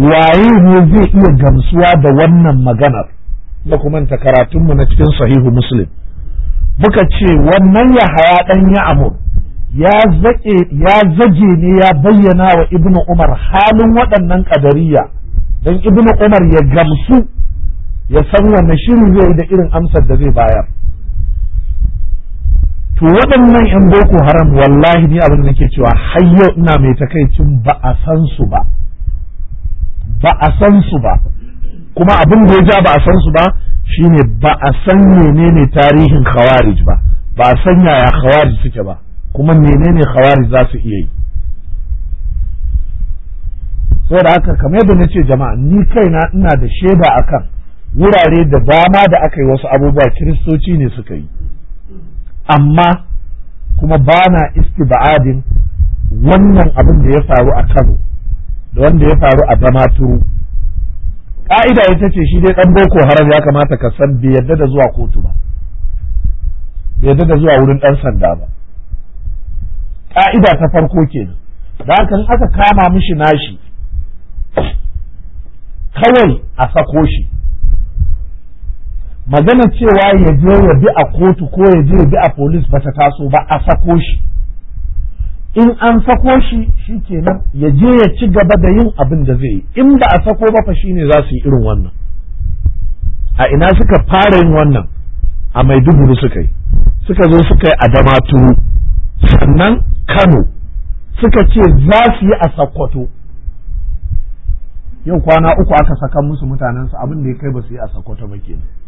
waye ne zai iya gamsuwa da wannan maganar da kuma ta karatunmu na cikin sahihu muslim muka ce wannan ya haya ɗan ya amur ya zage ne ya bayyana wa ibnu umar halin waɗannan ƙadariya don ibnu umar ya gamsu ya san wanne shirin zai da irin amsar da zai bayar to waɗannan 'yan boko haram wallahi ni abin da nake cewa har yau ina mai takaicin ba a san su ba ba a san su ba kuma abin da ya ja ba a san su ba shine ba a san menene tarihin khawarij ba ba a san yaya khawarij suke ba kuma menene khawarij za su iya yi saboda haka kamar yadda na ce jama'a ni kaina ina da shaida akan wurare da dama da aka yi wasu abubuwa kiristoci ne suka yi amma kuma ba na istiba'adin wannan abin da ya faru a kano da wanda ya faru a damaturu ƙa'ida ita ce shi dai ɗan boko haram ya kamata ka san bai yadda da zuwa kotu ba bai yadda da zuwa wurin ɗan sanda ba ƙa'ida ta farko kenan da haka aka kama mishi nashi kawai a sako shi magana cewa ya je ya bi a kotu ko ya je ya bi a polis ba ta taso ba a sako shi in an sako shi shi kenan ya je ya ci gaba da yin abin da zai yi in ba a sako ba fa shi ne za su yi irin wannan a ina suka fara yin wannan a maiduguri suka yi suka zo suka yi a damaturu sannan kano suka ce za su yi a sakkwato yau kwana uku aka saka musu mutanensu abin da ya kai ba su yi a sakkwato ba kenan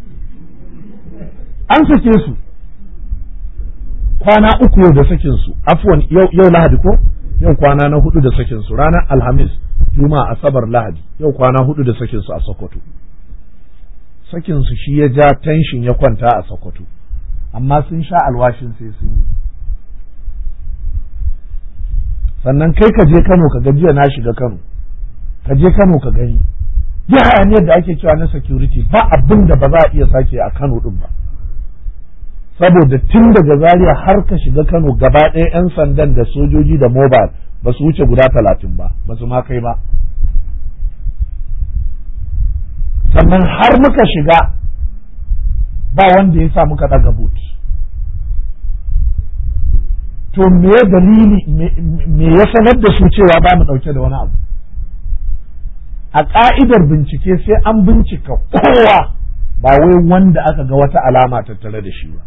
an sake su kwana uku yau da sakin su afwan yau lahadi ko yau kwana na hudu da sakin su ranar alhamis juma'a asabar lahadi yau kwana hudu da sakin su a sokoto sakin su shi ya ja tension ya kwanta a sokoto amma sun sha alwashin sai sun yi sannan kai ka je kano ka gajiya na shiga kano ka je kano ka gani ya hayaniyar da ake cewa na security ba abin da ba za a iya sake a kano din ba saboda tun daga zaria har ka shiga kano gaba ɗaya 'yan sandan da sojoji da mobile ba su wuce guda talatin ba ba su ma kai ba sannan har muka shiga ba wanda ya sa muka ɗaga boot to me dalili me ya sanar da su cewa ba mu ɗauke da wani abu a ƙa'idar bincike sai an bincika kowa ba wai wanda aka ga wata alama tattare da shi ba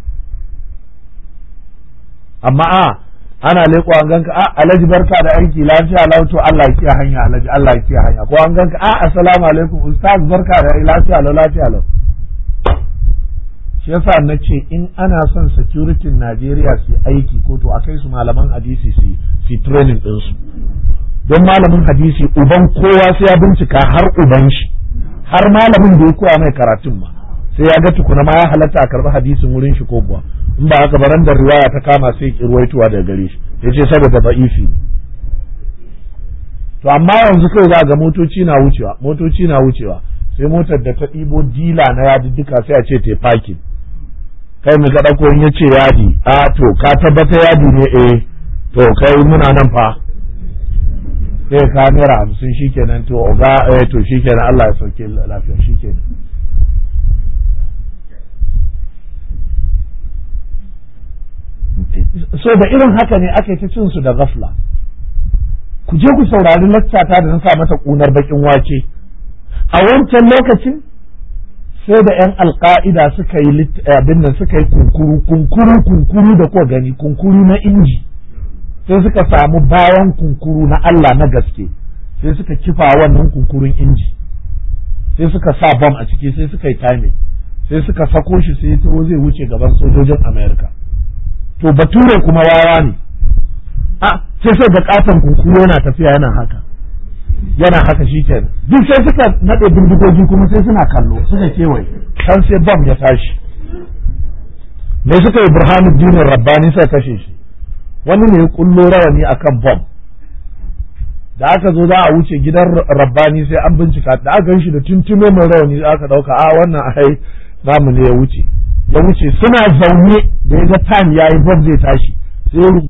amma a ana leƙo an ganka a alhaji barka da aiki lafiya lau to Allah ya kiyaye hanya alhaji Allah ya kiyaye hanya ko an ganka a assalamu alaikum ustaz barka da aiki lafiya lau lafiya lau shi yasa na ce in ana son security Najeriya su aiki ko to akai su malaman hadisi su su training din su don malamin hadisi uban kowa sai ya bincika har uban shi har malamin da ya koya mai karatun ma sai ya ga tukuna ma ya halatta a karɓi hadisin wurin shi ko kuwa in ba haka baran da riwaya ta kama sai ki ruwaituwa daga gare shi ya ce saboda ifi to amma yanzu kai za ga motoci na wucewa motoci na wucewa sai motar da ta ɗibo dila na yadi duka sai a ce ta fakin kai mu ga ɗako ya ce yadi a to ka tabbata yadi ne eh to kai muna nan fa sai kamera sun shi kenan to ga eh shi kenan Allah ya sauke lafiya kenan so da irin haka ne aka ta cin su da gafla ku je ku saurari ta da na sa mata kunar bakin wake a wancan lokacin sai da yan alka'ida suka yi eh, abin nan suka yi kunkuru kunkuru kunkuru da ko gani kunkuru na inji sai suka samu bayan kunkuru na Allah na gaske sai suka kifa wannan kunkurun inji sai suka sa bam a ciki sai suka yi timing sai suka sako shi sai turo zai wuce gaban sojojin Amerika to bature kuma wawa ne a ah, sai sai ga katon kuku yana tafiya yana haka yana haka shi kenan duk sai suka naɗe bindigogi kuma sai suna kallo suka kewaye San sai bam ya tashi me suka yi burhanu dinin rabbani suka kashe shi wani ne ya kullo rawani akan bom da aka zo za a wuce gidan rabbani sai an bincika da aka shi da tuntuno mai rawani za aka ɗauka a ah, wannan ai zamu ne ya wuce ya wuce suna zaune da ya ga time yayi bab zai tashi sai